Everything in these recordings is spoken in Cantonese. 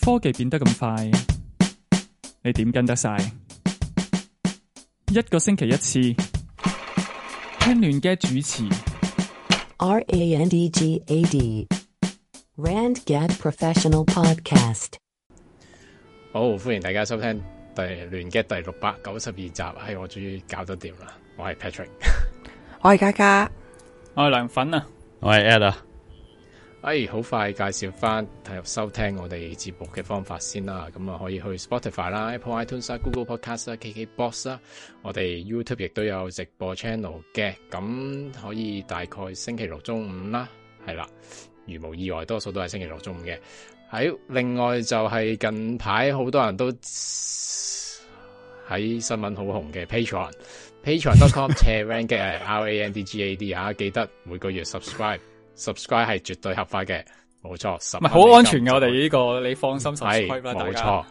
科技變得咁快，你點跟得晒？一個星期一次聽亂嘅主持，R A N D G A D Rand Gad Professional Podcast。好，歡迎大家收聽第亂嘅第六百九十二集，係我終於搞得掂啦。我係 Patrick， 我係嘉嘉，我係梁粉啊，我係 Ada。哎，好快介紹翻睇入收聽我哋節目嘅方法先啦，咁啊可以去 Spotify 啦、Apple iTunes 啦、Google Podcast 啦 KK Box 啦，我哋 YouTube 亦都有直播 channel 嘅，咁可以大概星期六中午啦，係啦，如無意外，多數都係星期六中午嘅。喺、哎、另外就係近排好多人都喺新聞好紅嘅 p a t r e o n p a t r o n c o m r a n d g a d 啊，記得每個月 subscribe。subscribe 係絕對合法嘅，冇錯。唔係好安全嘅，元我哋呢個你放心 subscribe 啦，大家。冇錯，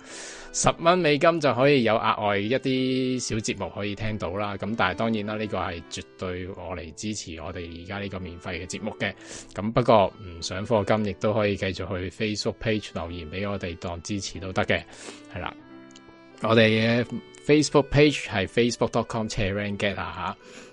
十蚊美金就可以有額外一啲小節目可以聽到啦。咁 但係當然啦，呢個係絕對我嚟，支持我哋而家呢個免費嘅節目嘅。咁不過唔想課金亦都可以繼續去 Facebook page 留言俾我哋當支持都得嘅，係啦。我哋嘅 Facebook page 係 facebook.com/chairmanget 啊吓。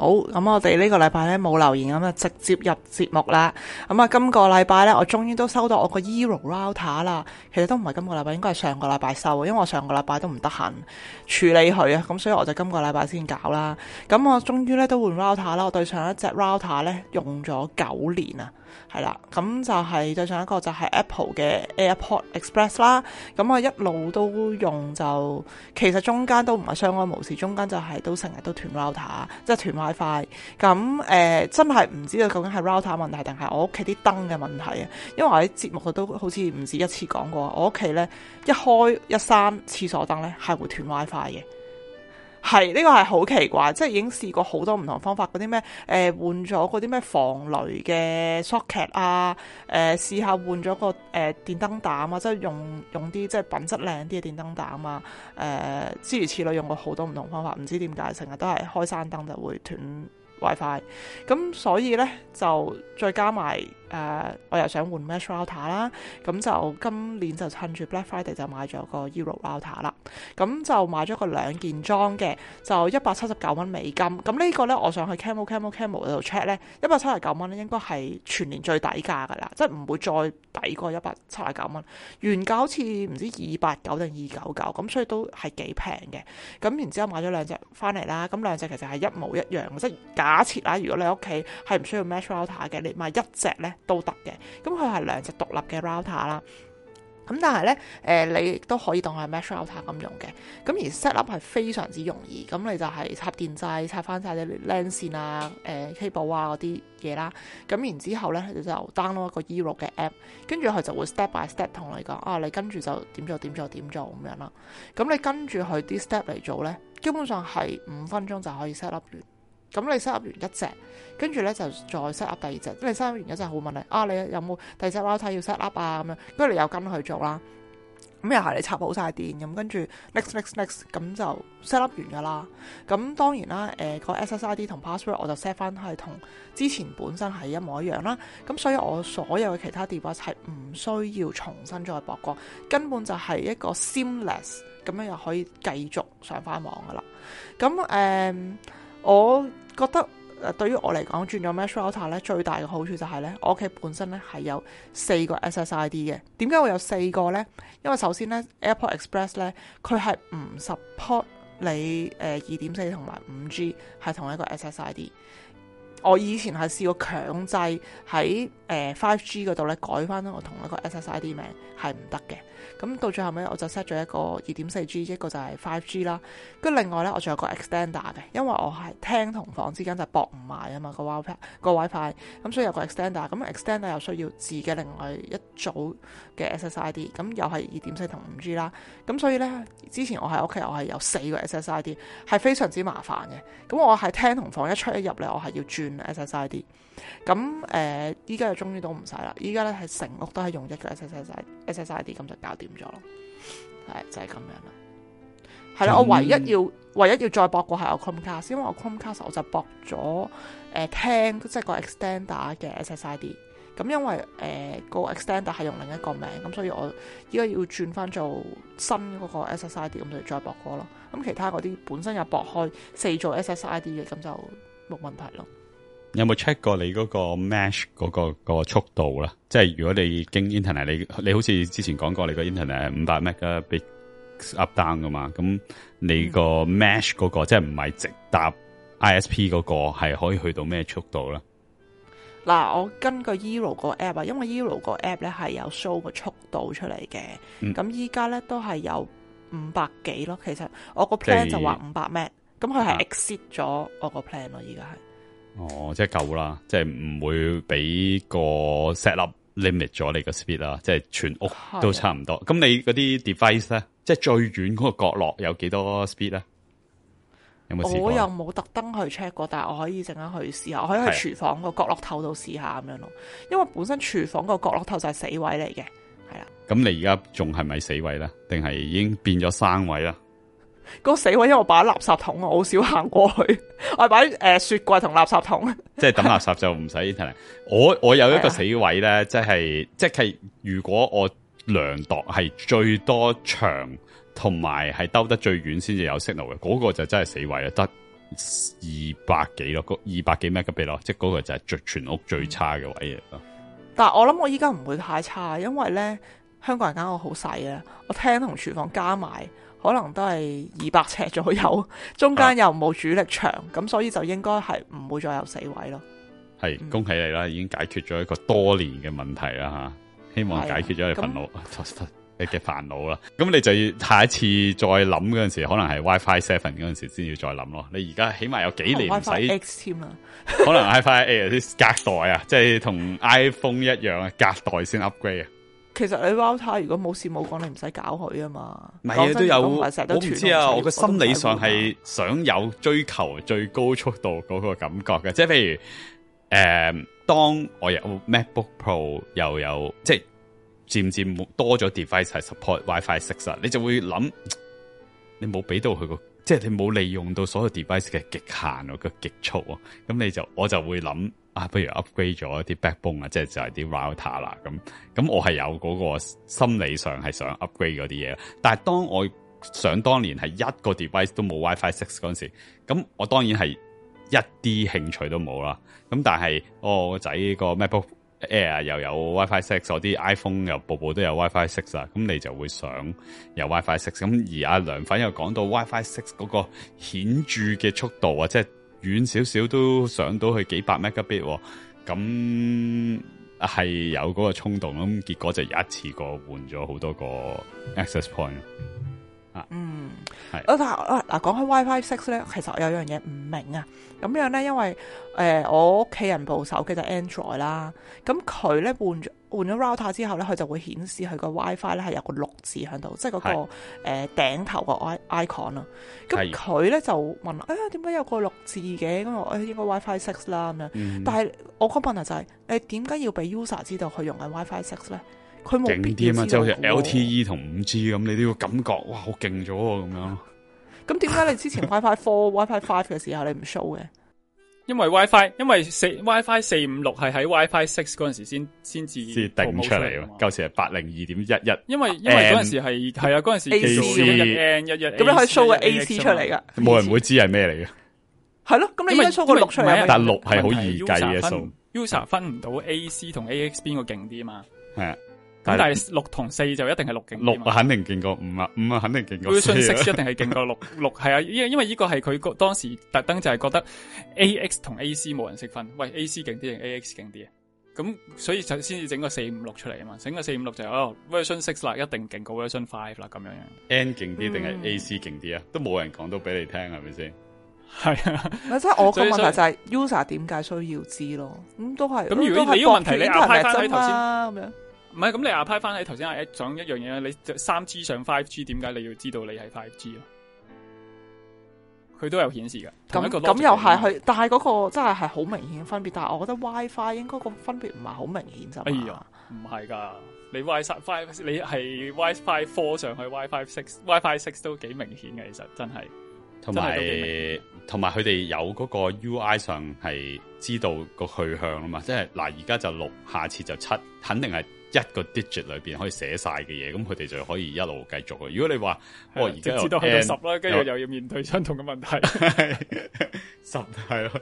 好，咁我哋呢個禮拜呢冇留言，咁就直接入節目啦。咁、嗯、啊，今、這個禮拜呢，我終於都收到我個 Eero Router 啦。其實都唔係今個禮拜，應該係上個禮拜收嘅，因為我上個禮拜都唔得閒處理佢啊。咁所以我就今個禮拜先搞啦。咁、嗯、我終於呢都換 Router 啦。我對上一隻 Router 呢用咗九年啊。係啦，咁就係、是、再上一個就係 Apple 嘅 AirPort Express 啦。咁我一路都用就，其實中間都唔係相安無事，中間就係都成日都斷 router，即係斷 WiFi。咁誒、呃，真係唔知道究竟係 router 問題定係我屋企啲燈嘅問題嘅。因為我喺節目都好似唔止一次講過，我屋企咧一開一閂廁所燈咧係會斷 WiFi 嘅。係呢、呢個係好奇怪，即係已經試過好多唔同方法，嗰啲咩誒換咗嗰啲咩防雷嘅 socket 啊，誒、呃、試下換咗個誒、呃、電燈膽啊，即係用用啲即係品質靚啲嘅電燈膽啊，誒、呃、諸如此類，用過好多唔同方法，唔知點解成日都係開山燈就會斷 WiFi，咁所以呢，就再加埋。誒、呃，我又想換 Mesh Router 啦，咁就今年就趁住 Black Friday 就買咗個 Eero router 啦，咁就買咗個兩件裝嘅，就一百七十九蚊美金，咁呢個呢，我想去 Camel Camel Camel 度 check 呢，一百七十九蚊咧應該係全年最底價噶啦，即唔會再抵過一百七十九蚊，原價好似唔知二百九定二九九，咁所以都係幾平嘅，咁然之後買咗兩隻翻嚟啦，咁兩隻其實係一模一樣，即假設啦，如果你屋企係唔需要 Mesh Router 嘅，你買一隻呢。都得嘅，咁佢係兩隻獨立嘅 router 啦，咁但係咧，誒你都可以當係 mesh router 咁用嘅，咁而 set up 係非常之容易，咁你就係插電掣、插翻晒啲 lan 線啊、誒 key 寶啊嗰啲嘢啦，咁然之後咧你就 down l o a d 一個 e u 嘅 app，跟住佢就會 step by step 同你講，啊你跟住就點做、點做、點做咁樣啦，咁你跟住佢啲 step 嚟做咧，基本上係五分鐘就可以 set up 完。咁你 set up 完一隻，跟住咧就再 set up 第二隻。你 set up 完一隻，好問題啊！你有冇第二隻 WiFi 要 set up 啊？咁樣跟住你又跟佢做啦。咁又係你插好晒電，咁跟住 next，next，next，咁就 set up 完噶啦。咁當然啦，誒、呃、個 SSID 同 password 我就 set 翻係同之前本身係一模一樣啦。咁所以我所有嘅其他電話係唔需要重新再博過，根本就係一個 seamless，咁樣又可以繼續上翻網噶啦。咁誒我覺得誒對於我嚟講，轉咗 Mesh Router 咧，了 outer，最大嘅好處就係咧，我屋企本身咧係有四個 SSID 嘅。點解會有四個咧？因為首先咧，Airport Express 咧佢係唔 support 你誒二點四同埋五 G 係同一個 SSID。我以前係試過強制喺誒 five G 嗰度咧改翻我同一個 SSID 名，係唔得嘅。咁到最後尾，我就 set 咗一個二點四 G，一個就係 Five G 啦。跟住另外呢，我仲有個 extender 嘅，因為我係廳同房之間就駁唔埋啊嘛個 WiFi 個 WiFi，咁所以有個 extender。咁 extender 又需要自己另外一組嘅 SSID，咁又係二點四同五 G 啦。咁所以呢，之前我喺屋企我係有四個 SSID，係非常之麻煩嘅。咁我喺廳同房一出一入呢，我係要轉 SSID。咁、呃、誒，依家就終於都唔使啦。依家呢，係成屋都係用一個 SSID，SSID 咁就搞掂。咗，係就係、是、咁樣啦，係啦，嗯、我唯一要唯一要再駁個係我 Chromecast，因為我 Chromecast 我就駁咗誒聽即係個 Extender 嘅 SSID，咁、嗯、因為誒個、呃、Extender 係用另一個名，咁所以我依家要轉翻做新嗰個 SSID，咁就再駁個咯，咁、嗯、其他嗰啲本身有駁開四組 SSID 嘅，咁就冇問題咯。有冇 check 過你嗰個 Mesh 嗰、嗰個、嗰個速度啦？即係如果你經 internet，你你好似之前講過你個 internet 五百 Mbps up down 噶嘛？咁你 m、嗰個 Mesh 嗰個即係唔係直搭 ISP 嗰個係可以去到咩速度？嗱，我根據 Eero 個 app 啊，因為 Eero 個 app 咧係有 show 個速度出嚟嘅，咁依家咧都係有五百幾咯。其實我個 plan 就話五百 Mbps，咁佢係 exit 咗我個 plan 咯，依家係。哦，即係夠啦，即係唔會俾個 set up limit 咗你個 speed 啦，即係全屋都差唔多。咁的你嗰啲 device 咧，即係最遠嗰個角落有幾多 speed 咧？有冇？我又冇特登去 check 過，但係我可以陣間去試下，我可以去廚房個角落頭度試下咁樣咯。的因為本身廚房個角落頭就係死位嚟嘅，係啊。咁你而家仲係咪死位咧？定係已經變咗生位啦？嗰個死位因為我擺垃圾桶啊，我好少行過去，我係擺誒雪櫃同垃圾桶。即係等垃圾就唔使。 我我有一個死位咧是、啊，即係即係如果我量度係最多長同埋係兜得最遠先至有 signal 嘅，嗰、嗰個就真係死位啊，得二百幾咯，個二百幾米嘅鼻咯，即係嗰個就係全全屋最差嘅位啊。但係我諗我依家唔會太差，因為咧香港人間我好細啊，我廳同廚房加埋，可能都係二百尺左右，中間又冇主力牆，咁、啊、所以就應該係唔會再有死位咯。係恭喜你啦，嗯、已經解決咗一個多年嘅問題啦吓，希望解決咗你煩惱，啊、你嘅煩惱啦。咁你就要下一次再諗嗰陣時，可能係 WiFi Seven 嗰陣時先要再諗咯。你而家起碼有幾年、哦、唔使 WiFi X 添啦， 可能 WiFi Eight 隔代啊，即、就、係、是、同 iPhone 一樣格啊，隔代先 upgrade 啊。其實你 Router 如果冇事冇講，你唔使搞佢啊嘛。唔係啊，都有。都我唔知啊。斷斷我個心理上係想有追求最高速度嗰個感覺嘅，即係譬如，誒、嗯，當我有 MacBook Pro 又有，即係漸漸多咗 device 係 support WiFi Six 你就會諗，你冇俾到佢個，即係你冇利用到所有 device 嘅極限個極速啊，咁你就我就會諗。啊，不如 upgrade 咗啲 backbone 啊，即係就係啲 router 啦，咁咁我係有嗰個心理上係想 upgrade 嗰啲嘢，但係當我想當年係一個 device 都冇 WiFi six 嗰陣時，咁我當然係一啲興趣都冇啦。咁但係、哦、我個仔個 MacBook Air 又有 WiFi six，我啲 iPhone 又部部都有 WiFi six 啊，咁你就會想有 WiFi six。咁而阿梁粉又講到 WiFi six 嗰個顯著嘅速度啊，即係。遠少少都上到去幾百 Mbps，咁係有嗰個衝動，咁結果就一次過換咗好多個 Access Point。嗯，我嗱是，講開 WiFi Six 咧，其實我有一樣嘢唔明啊。咁樣咧，因為誒、呃、我屋企人部手機就 Android 啦，啊。咁佢咧換咗換咗 Router 之後咧，佢就會顯示佢個 WiFi 咧係有個六字喺度，即係嗰個誒頂頭個 i icon 啊。咁佢咧就問，誒點解有個六字嘅？咁，啊嗯、我誒應該 WiFi Six 啦咁樣。但係我個問題就係，你點解要俾 user 知道佢用緊 WiFi Six 咧？勁啲啊嘛，即係好似 LTE 同五 G 咁，你呢個感覺哇，好勁咗啊咁樣。咁點解你之前 WiFi Four、WiFi Five 嘅時候你唔 show 嘅？因為 WiFi 因為四 WiFi 四五六係喺 WiFi Six 嗰陣時先先至先定出嚟，舊時係八零二點一一。因為因為嗰陣時係係啊嗰陣時，AC 一一咁你可以 show 個 AC 出嚟噶，冇人會知係咩嚟嘅。係咯，咁你依家 show 個六出嚟但六係好易計嘅數，User 分唔到 AC 同 AX 邊個勁啲啊嘛？係啊。咁但係六同四就一定係六勁，六肯定勁過五啊，五啊肯定勁過、啊。Version six 一定係勁過 6, 六六係啊，因因為呢個係佢當時特登就係覺得 A X 同 A C 冇人識分，喂 A C 勁啲定 A X 勁啲啊？咁所以就先至整個四五六出嚟啊嘛，整個四五六就哦，Version six 啦，一定勁過 Version five 啦，咁樣。N 勁啲定係 A C 勁啲啊？都冇人講到俾你聽係咪先？係啊以，即係我個問題就係 user 點解需要知咯？咁、嗯、都係咁，嗯、如果你問題你係咪真咁樣。唔係，咁你阿拍翻喺頭先係講一樣嘢，你三 G 上五 G，點解你要知道你係五 G 啊？佢都有顯示噶，咁咁那又係去，但係嗰個真係係好明顯嘅分別，但係我覺得 WiFi 應該個分別唔係好明顯咋嘛？唔係噶，你 WiFi，你係 WiFi four 上去 WiFi six，WiFi six 都幾明顯嘅，其實真係，同埋同埋佢哋有嗰個 UI 上係知道個去向吖嘛，即係嗱，而家就六，下次就七，肯定係。一個 digit 裏邊可以寫晒嘅嘢，咁佢哋就可以一路繼續嘅。如果你話，我而家又，直，直至到去到十啦，跟住 and, 又要面對相同嘅問題，十係咯，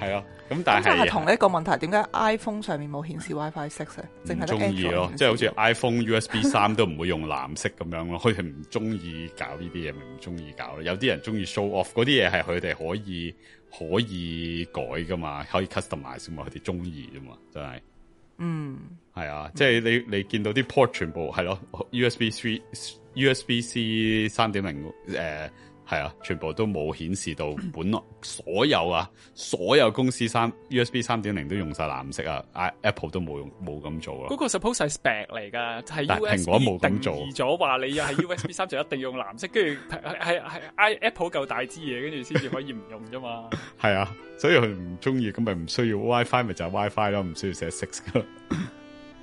係啊。 咁但係同呢一個問題，點解 iPhone 上面冇顯示 WiFi Six 啊？淨係 得 Android 咯，即係好似 iPhone USB 三都唔會用藍色咁樣咯。佢係唔中意搞呢啲嘢，咪唔中意搞咯。有啲人中意 show off，嗰啲嘢係佢哋可以可以改噶嘛，可以 customize 嘛，佢哋中意啫嘛，真係。嗯，係啊，嗯、即係你你見到啲 port 全部係咯、啊，USB three USB C 三點零誒。係啊，全部都冇顯示到，本來所有啊， 所有公司三 USB 三點零都用晒藍色啊，Apple 都冇用冇咁做，就是、做啊。嗰個 suppose 係 spec 嚟噶，係 USB 定義咗話你又係 USB 三就一定要用藍色，跟住係係 Apple 夠大支嘢，跟住先至可以唔用啫嘛。係 啊，所以佢唔中意咁咪唔需要 WiFi 咪就係 WiFi 咯，唔需要寫 six 咯。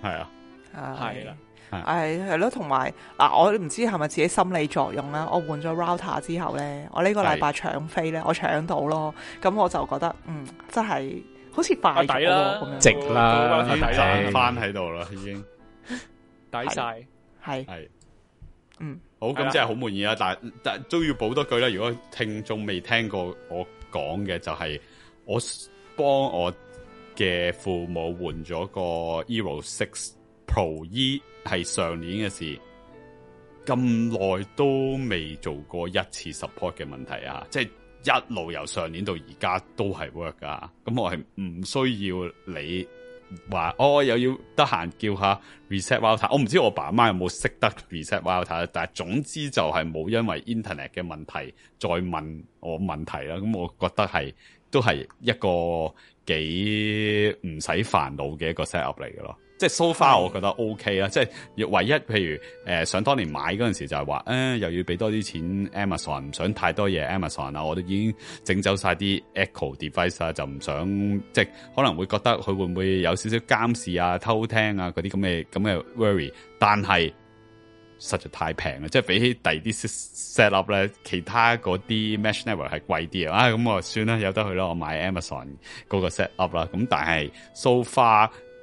係 啊，係啦、哎。係係咯，同埋我唔知係咪自己心理作用啦。我換咗 router 之後咧，我呢個禮拜搶飛咧，是的 我搶到咯。咁我就覺得，嗯，真係好似快咗咁樣，值啦，翻喺度啦，已經抵晒。係係，嗯，好，咁即係好滿意啦的。但但都要補多句啦。如果聽眾未聽過我講嘅，就係、是、我幫我嘅父母換咗個 Eero Six Pro E。係上年嘅事，咁耐都未做過一次 support 嘅問題啊！即係一路由上年到而家都係 work 噶，咁我係唔需要你話哦，又要得閒叫下 reset router。我唔知我爸媽有冇識得 reset router，但係總之就係冇因為 internet 嘅問題再問我問題啦。咁我覺得係都係一個幾唔使煩惱嘅一個 set up 嚟嘅咯。即係 so far，我覺得 OK 啊！嗯、即係唯一，譬如誒、呃，想當年買嗰陣時就係話，誒、呃、又要俾多啲錢 Amazon，唔想太多嘢 Amazon 啊！我都已經整走晒啲 Echo device 啊，就唔想即係可能會覺得佢會唔會有少少監視啊、偷聽啊嗰啲咁嘅咁嘅 worry，但係實在太平啦！即係比起第二啲 set up 咧，其他嗰啲 mesh network 係貴啲啊！咁我算啦，有得去咯，我買 Amazon 嗰個 set up 啦。咁但係 so far。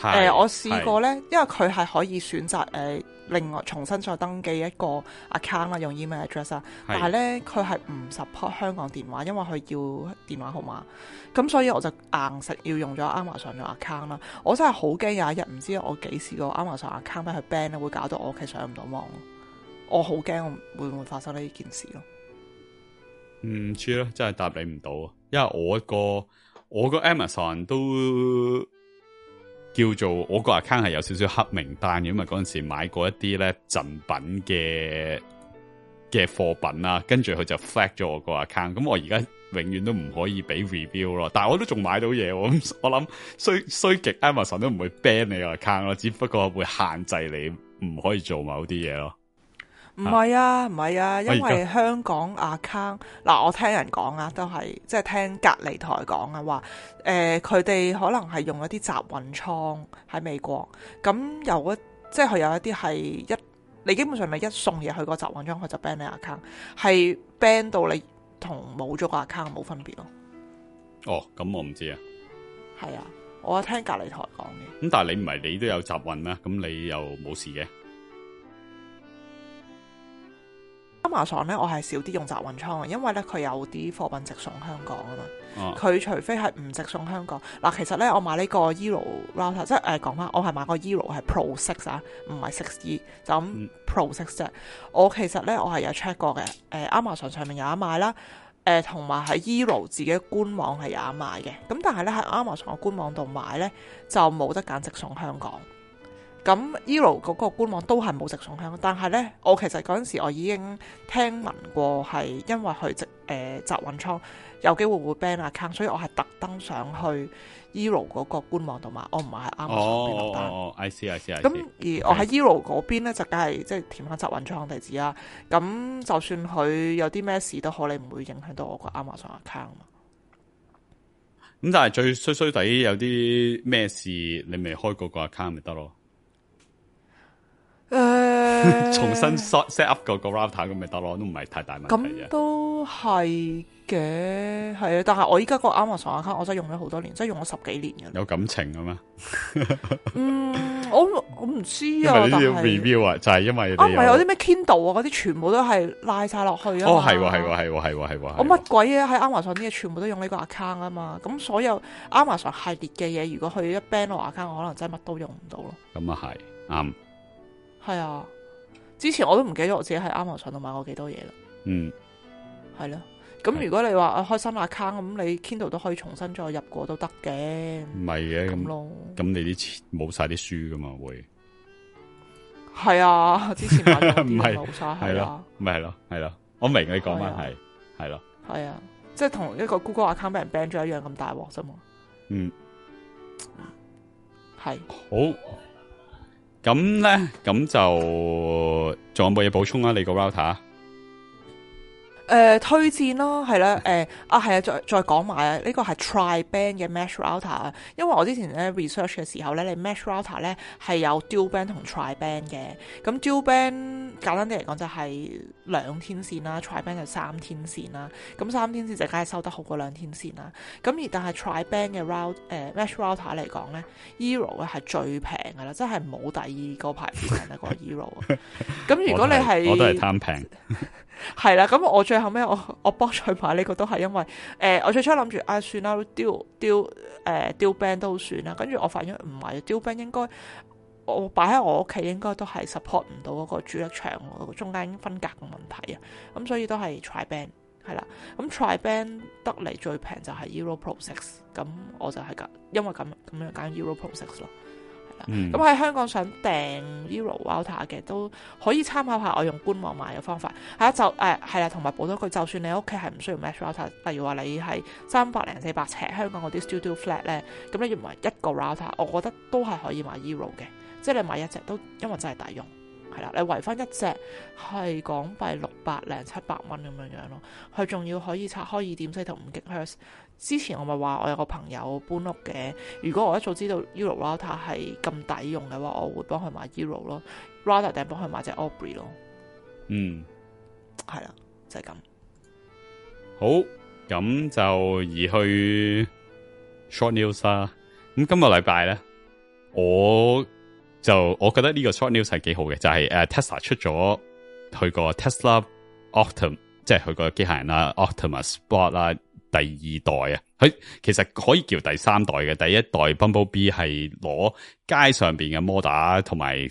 誒是，我試過咧，是因為佢係可以選擇誒、呃，另外重新再登記一個 account 啦是，用 email address 啦，但係咧佢係唔 support 香港電話，因為佢要電話號碼。咁所以我就硬食要用咗 Amazon 嘅 account 啦。我真係好驚有一日唔知我幾時個 Amazon account 咧，佢 ban 咧會搞到我屋企上唔到網。我好驚會唔會發生呢件事咯？唔、嗯、知咧，真係答你唔到啊！因為我個我個 Amazon 都。叫做我個 account 係有少少黑名單，因為嗰陣時買過一啲咧贈品嘅嘅貨品啦，跟住佢就 flag 咗我個 account，咁我而家永遠都唔可以俾 review 咯。但係我都仲買到嘢喎。我諗衰衰極 Amazon 都唔會 ban 你個 account 咯，只不過會限制你唔可以做某啲嘢咯。唔係啊，唔係啊，啊，因為香港阿 c 嗱，我聽人講啊，都係即係聽隔離台講啊，話誒，佢、呃、哋可能係用一啲集運倉喺美國，咁有一即係佢有一啲係一，你基本上咪一送嘢去那個集運倉，佢就 ban 你阿 c c 係 ban 到你同冇咗個阿 c 冇分別咯。哦，咁我唔知啊。係啊，我聽隔離台講嘅。咁但係你唔係你都有集運啦，咁你又冇事嘅。Amazon 咧，我係少啲用集運倉，因為咧佢有啲貨品直送香港啊嘛。佢、啊、除非係唔直送香港，嗱、啊，其實咧我買呢個 Eero Router，即係誒講翻，我係買個 Eero 係 Pro Six 啊，唔係 Six E，就咁 Pro Six 啫。嗯、我其實咧我係有 check 過嘅，誒、呃、，Amazon 上面有一賣啦，誒、呃，同埋喺 Eero 自己官網係有一賣嘅。咁但係咧喺 Amazon 嘅官網度買咧，就冇得揀直送香港。咁 Eero 嗰個官網都係冇直送香港，但係咧，我其實嗰陣時我已經聽聞過係因為佢直誒集運倉有機會會 ban account，所以我係特登上去 Eero 嗰個官網度買，我唔係喺亞馬遜邊落單。哦哦哦，I see I see I see。咁那而我喺 Eero 嗰邊咧，就梗係即係填下集運倉地址啊。咁就算佢有啲咩事都好，你唔會影響到我個亞馬遜 account 嘛？咁但係最衰衰地有啲咩事，你未開嗰個 account 咪得咯？ 重新 set up 個個 router 咁咪得咯，都唔係太大問題。咁都係嘅，係啊。但係我依家個 Amazon account 我真係用咗好多年，真係用咗十幾年嘅。有感情啊嘛？ 嗯，我我唔知啊。啲 review 啊，就係因為啊，唔係有啲咩 Kindle 啊，嗰啲全部都係拉晒落去啊。哦，係喎，係喎，係喎，係喎，係喎。我乜鬼啊？喺 Amazon 啲嘢全部都用呢個 account 啊嘛。咁所有 Amazon 系列嘅嘢，如果去一 ban 咗 account，我可能真係乜都用唔到咯。咁啊係啱，係啊。是之前我都唔記得我自己喺 Amazon 度買過幾多嘢啦。嗯，係咯。咁如果你話開心 account 咁，你 Kindle 都可以重新再入過都得嘅。唔係嘅咁咯。咁你啲錢冇晒啲書噶嘛？會係啊，之前買嘅電冇晒係啊，咪係咯，係咯。我明你講返係，係咯的。係啊，即係同一個 Google account 俾人 ban 咗一樣咁大鑊啫嘛。嗯是的，係好。咁咧，咁就仲有冇嘢補充啊？你個 router 誒、呃，推薦咯，係啦，誒、呃，啊，係啊，再再講埋啊，呢、這個係 tri band 嘅 mesh router 啊，因為我之前咧 research 嘅時候咧，你 mesh router 咧係有 dual band 同 tri band 嘅，咁 dual band 簡單啲嚟講就係兩天線啦，tri band 就三天線啦，咁三天線就梗係收得好過兩天線啦，咁而但係 tri band 嘅 rou 誒、呃、mesh router 嚟講咧 Eero 咧係最平噶啦，即係冇第二個牌子平得過 Eero，咁如果你係我都貪平。 係啦，咁我最後尾我我幫佢買呢個都係因為誒、呃，我最初諗住啊，算啦，丟丟誒丟 band 都算啦。跟住我發現唔係，丟 band 應該我擺喺我屋企應該都係 support 唔到嗰個主力牆、嗰個中間分隔嘅問題啊。咁所以都係 try band 係啦。咁 try band 得嚟最平就係 Eero Pro 6，咁我就係、是、咁，因為咁咁樣揀 Eero Pro 6咯。咁喺香港想訂 Eero router 嘅都可以參考下我用官網買嘅方法啊，就誒，係、哎、啦，同埋補多句就算你屋企係唔需要 Mesh Router，例如話你係三百零四百尺香港嗰啲 Studio Flat 咧，咁你買一個 Router，我覺得都係可以買 Eero 嘅，即係你買一隻都，因為真係抵用。係啦，你圍翻一隻係港幣六百零七百蚊咁樣樣咯，佢仲要可以拆開二點四同五吉赫茲。之前我咪話我有個朋友搬屋嘅，如果我一早知道 Eero router 係咁抵用嘅話，我會幫佢買 Eero 咯，rather 定幫佢買隻 Aubry 咯。嗯，係啦，就係、是、咁。好，咁就移去 short news 啊。咁今日禮拜咧，我。就我覺得呢個 short news 係幾好嘅，就係、是、誒 Tesla 出咗佢個 Tesla Optim，即係佢個機械人啦，Optimus Bot 啦，Sport，第二代啊，佢其實可以叫第三代嘅，第一代 Bumblebee 係攞街上面嘅 model 同埋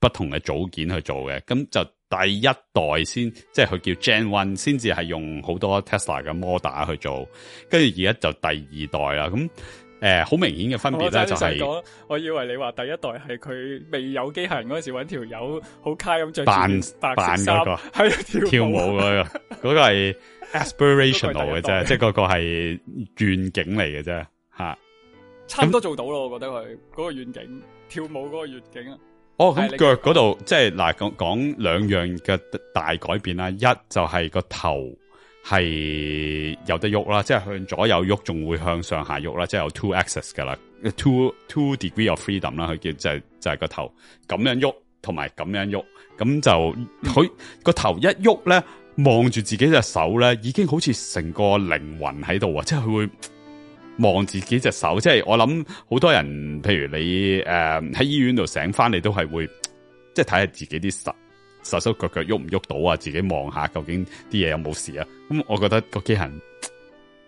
不同嘅組件去做嘅，咁就第一代先，即係佢叫 Gen One，先至係用好多 Tesla 嘅 model 去做，跟住而家就第二代啦，咁。誒，好、呃、明顯嘅分別咧就係、是，我以為你話第一代係佢未有機械人嗰陣時揾條友好卡咁着扮扮、那、嗰個，係 跳舞嗰、那個，嗰 個係 aspirational 嘅啫，即係嗰個係願景嚟嘅啫，吓不那，差唔多做到咯，我覺得佢嗰、那個願景跳舞嗰個願景啊，哦，咁腳嗰度即係嗱講講兩樣嘅大改變啦，一就係個頭。係有得喐啦，即係向左右喐，仲會向上下喐啦，即係有 two axis 噶啦，two two degree of freedom 啦，佢叫即係就係就係個頭咁樣喐，同埋咁樣喐，咁就佢個頭一喐咧，望住自己隻手咧，已經好似成個靈魂喺度啊！即係佢會望自己隻手，即係我諗好多人，譬如你誒喺、呃、醫院度醒翻，你都係會即係睇下自己啲手。手手腳腳喐唔喐到啊！自己望下究竟啲嘢有冇事啊？咁、嗯、我覺得個機械人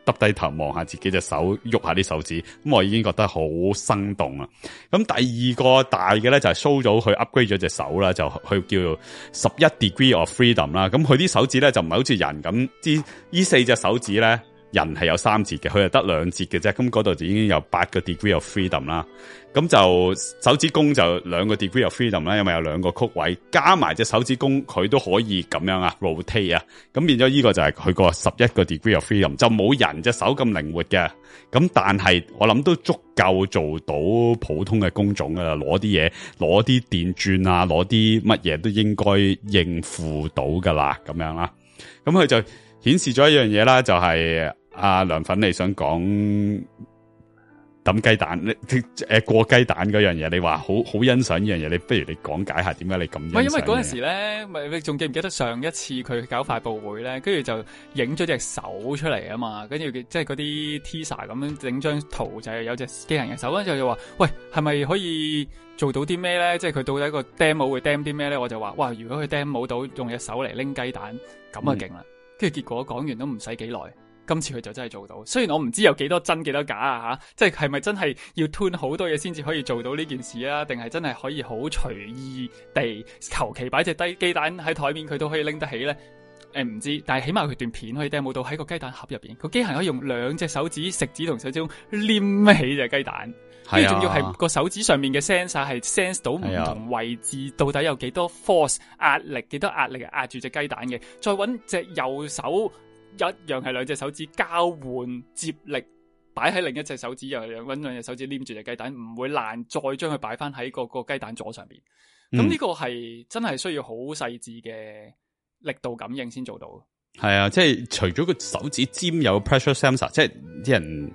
耷低頭望下自己隻手，喐下啲手指，咁、嗯、我已經覺得好生動啊！咁、嗯、第二個大嘅咧就係、是、show 咗佢 upgrade 咗隻手啦，就佢叫做十一 degree of freedom 啦、嗯。咁佢啲手指咧就唔係好似人咁，之依四隻手指咧，人係有三節嘅，佢係得兩節嘅啫。咁嗰度就已經有八個 degree of freedom 啦。咁就手指公就兩個 degree of freedom 啦，因為有兩個曲位，加埋隻手指公，佢都可以咁樣啊 rotate 啊。咁變咗依個就係佢個十一個 degree of freedom，就冇人隻手咁靈活嘅。咁但係我諗都足夠做到普通嘅工種噶啦，攞啲嘢，攞啲電鑽啊，攞啲乜嘢都應該應付到噶啦，咁樣啦。咁佢就顯示咗一樣嘢啦，就係。阿、啊、梁粉，你想講抌雞蛋？你誒過雞蛋嗰樣嘢，你話好好欣賞呢樣嘢？你不如你講解下點解你咁？喂，因為嗰陣時咧，咪你仲記唔記得上一次佢搞發佈會咧？跟住就影咗隻手出嚟啊嘛，跟住即係嗰啲 teaser 咁樣整張圖就係有隻機械人嘅手，跟住就話喂，係咪可以做到啲咩咧？即係佢到底一個 demo 會 demo 啲咩咧？我就話哇，如果佢 demo 到用隻手嚟拎雞蛋咁啊勁啦！跟住、嗯、結果講完都唔使幾耐。今次佢就真係做到，雖然我唔知有幾多真幾多假啊吓、啊，即係係咪真係要吞好多嘢先至可以做到呢件事啊？定係真係可以好隨意地求其擺隻低雞蛋喺台面，佢都可以拎得起呢？誒、嗯、唔知，但係起碼佢段片可以睇到到喺個雞蛋盒入邊，個機械可以用兩隻手指食指同手指中黏起隻雞蛋，呢仲、啊、要係個手指上面嘅 sensor 係 sense 到唔同位置、啊、到底有幾多 force 壓力、幾多壓力壓住隻雞蛋嘅，再揾隻右手。一樣係兩隻手指交換接力，擺喺另一隻手指又揾兩隻手指黏住隻雞蛋，唔會爛，再將佢擺翻喺個雞蛋左上邊。咁呢、嗯、個係真係需要好細緻嘅力度感應先做到。係啊，即係除咗個手指尖有 pressure sensor，即係啲人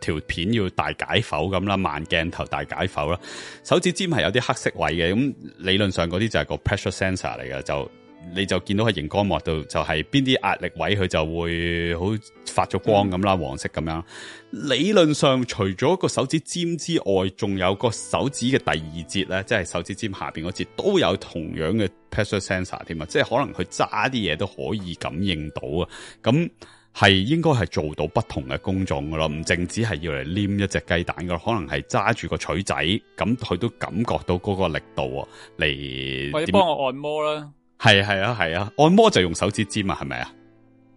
條片要大解剖咁啦，慢鏡頭大解剖啦，手指尖係有啲黑色位嘅，咁理論上嗰啲就係個 pressure sensor 嚟嘅就。你就見到喺熒光幕度，就係邊啲壓力位佢就會好發咗光咁啦，嗯、黃色咁樣。理論上除咗個手指尖之外，仲有個手指嘅第二節咧，即係手指尖下面嗰節都有同樣嘅 pressure sensor 添啊，即係可能佢揸啲嘢都可以感應到啊。咁係應該係做到不同嘅工種噶咯，唔淨止係要嚟黏一隻雞蛋噶，可能係揸住個鎚仔，咁佢都感覺到嗰個力度啊。嚟，或者幫我按摩啦。係係啊係啊，按摩就用手指尖啊，係咪啊？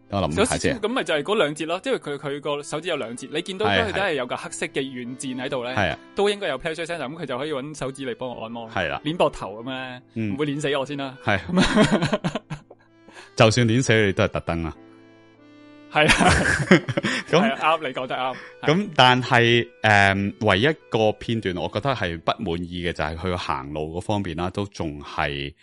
我諗下先，咁咪就係嗰兩節咯，即係佢佢個手指有兩節，你見到佢係都係有個黑色嘅軟墊喺度咧，都應該有 pressure sensor，咁佢就可以揾手指嚟幫我按摩。係啦，捻膊頭咁樣，唔會捻死我先啦。係就算捻死你都係特登啊。係啊，咁啱，你講得啱。咁但係誒，唯一個片段，我覺得係不滿意嘅就係佢行路嗰方面啦，都仲係。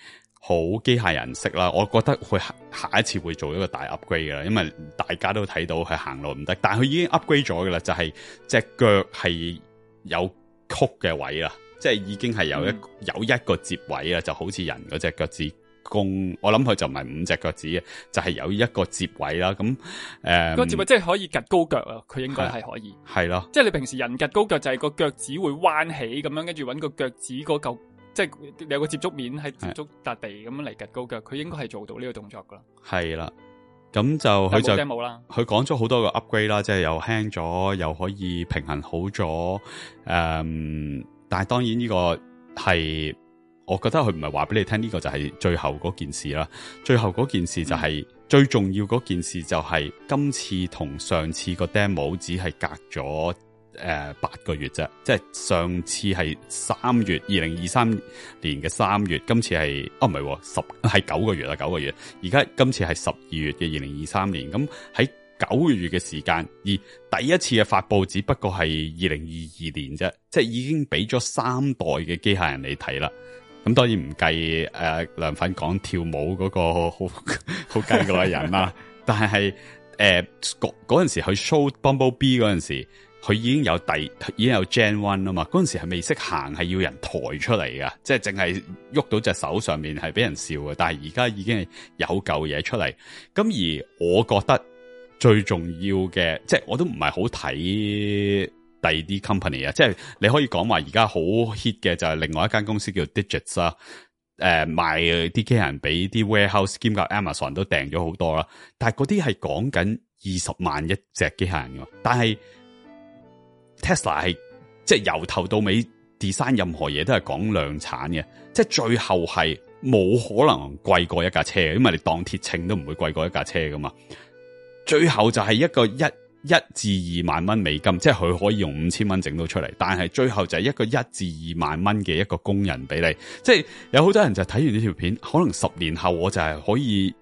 好機械人式啦，我覺得佢下一次會做一個大 upgrade 㗎啦，因為大家都睇到佢行路唔得，但係佢已經 upgrade 咗㗎啦，就係隻腳係有曲嘅位啦，即、就、係、是、已經係有一有一個摺位啦，就好似人嗰隻腳趾公，我諗佢就唔係五隻腳趾嘅，就係有一個摺位啦。咁誒，隻就是、個摺位即係、嗯、可以趷高腳啊，佢應該係可以。係咯，即係你平時人趷高腳就係個腳趾會彎起咁樣，跟住搵個腳趾嗰嚿。即係有個接觸面係接觸笪地咁樣嚟夾高腳，佢的應該係做到呢個動作噶啦。係啦，咁就佢就佢講咗好多個 upgrade 啦、嗯，即係又輕咗，又可以平衡好咗。誒、um，但係當然呢個係，我覺得佢唔係話俾你聽呢、這個就係最後嗰件事啦。最後嗰件事就係、是嗯、最重要嗰件事、就是，就係今次同上次個 demo 只係隔咗。誒、呃，八個月啫，即係上次係三月二零二三年嘅三月，今次係哦，唔係十係，九個月啦，九個月，而家今次係十二月嘅二零二三年，咁喺九個月嘅時間，而第一次嘅發布只不過係二零二二年啫，即係已經俾咗三代嘅機械人嚟睇啦。咁當然唔計誒，梁粉講跳舞嗰個好好計嗰個人啦，啊， 但係誒嗰嗰陣時去 show Bumblebee 嗰陣時。佢已經有第已經有 Gen One 啦嘛，嗰陣時係未識行，係要人抬出嚟噶，即係淨係喐到隻手上面係俾人笑嘅。但係而家已經係有嚿嘢出嚟，咁而我覺得最重要嘅，即係我都唔係好睇第二啲 company 啊。即係你可以講話而家好 hit 嘅就係另外一間公司叫 Digits 啊、呃，誒賣啲機械人俾啲 warehouse 兼夾 Amazon 都訂咗好多啦。但係嗰啲係講緊二十萬一隻機械人㗎但係。Tesla 係即係由頭到尾 design 任何嘢都係講量產嘅，即係最後係冇可能貴過一架車，因為你當鐵秤都唔會貴過一架車噶嘛。最後就係一個一一至二萬蚊美金，即係佢可以用五千蚊整到出嚟，但係最後就係一個一至二萬蚊嘅一個工人俾你，即係有好多人就睇完呢條片，可能十年後我就係可以。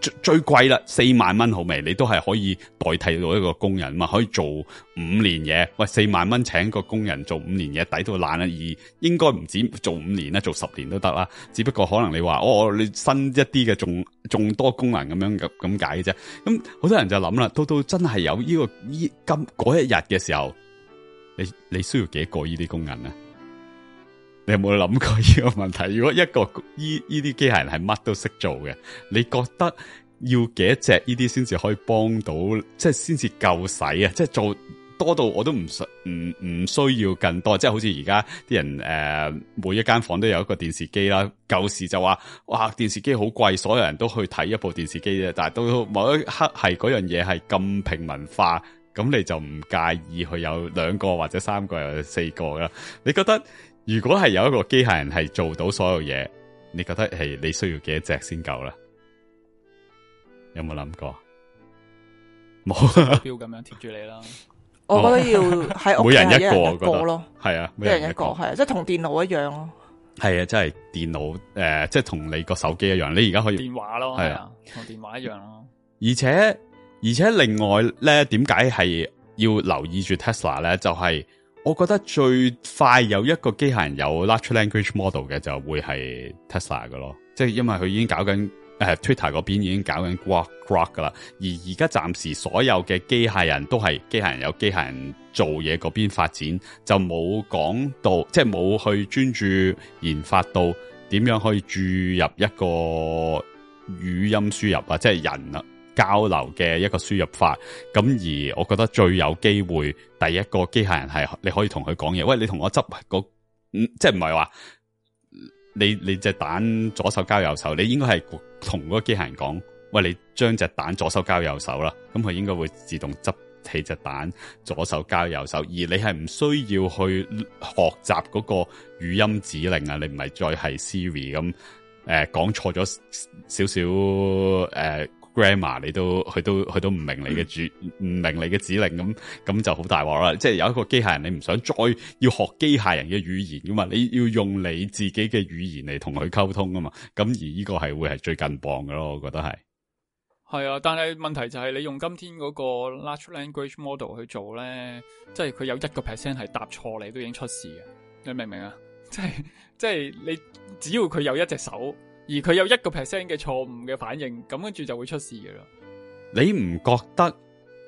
最最貴啦，四萬蚊好未？你都係可以代替到一個工人嘛？可以做五年嘢喂，四萬蚊請一個工人做五年嘢抵到爛啦。而應該唔止做五年啦，做十年都得啦。只不過可能你話哦，你新一啲嘅仲仲多工人咁樣咁咁解啫。咁好多人就諗啦，到到真係有呢、呢個今嗰一日嘅時候，你你需要幾個呢啲工人啊？你有冇諗過呢個問題？如果一個呢呢啲機械人係乜都識做嘅，你覺得要幾多隻呢啲先至可以幫到，即係先至夠使啊？即係做多到我都唔需唔唔需要更多，即係好似而家啲人誒、呃，每一間房都有一個電視機啦。舊時就話哇電視機好貴，所有人都去睇一部電視機啫。但係到某一刻係嗰樣嘢係咁平民化，咁你就唔介意佢有兩個或者三個有四個啦？你覺得？如果係有一個機械人係做到所有嘢，你覺得係你需要幾多隻先夠啦？有冇諗過？冇，標咁樣貼住你啦。 我覺得要喺 屋企係一,一人一個咯。係啊得，一人一個係，即係同電腦一樣咯。係啊，即係電腦誒，即係同你個手機一樣。你而家可以電話咯，係啊，同、啊、電話一樣咯、啊。而且而且另外咧，點解係要留意住 Tesla 咧？就係、是。我覺得最快有一個機械人有 large language model 嘅就會係 Tesla 㗎咯，即係因為佢已經搞緊誒、呃、Twitter 嗰邊已經搞緊 Grok Grok 㗎啦，而而家暫時所有嘅機械人都係機械人有機械人做嘢嗰邊發展，就冇講到即係冇去專注研發到點樣可以注入一個語音輸入啊，即係人啊。交流嘅一個輸入法，咁而我覺得最有機會，第一個機械人係你可以同佢講嘢，喂，你同我執、嗰個，嗯、即係唔係話你你隻蛋左手交右手，你應該係同嗰個機械人講，喂，你將隻蛋左手交右手啦，咁佢應該會自動執起隻蛋左手交右手，而你係唔需要去學習嗰個語音指令啊，你唔係再係 Siri 咁，誒、呃，講錯咗少少，誒、呃。grammar 你都佢都佢都唔明你嘅主唔、嗯、明你嘅指令咁，咁就好大鑊啦！即係有一個機械人，你唔想再要學機械人嘅語言噶嘛？你要用你自己嘅語言嚟同佢溝通噶嘛？咁而呢個係會係最近磅噶咯，我覺得係。係啊，但係問題就係你用今天嗰個 Large Language Model 去做咧，即係佢有一個 percent 係答錯你都已經出事嘅，你明唔明啊？即係即係你只要佢有一隻手。而佢有一個 percent 嘅錯誤嘅反應，咁跟住就會出事㗎啦。你唔覺得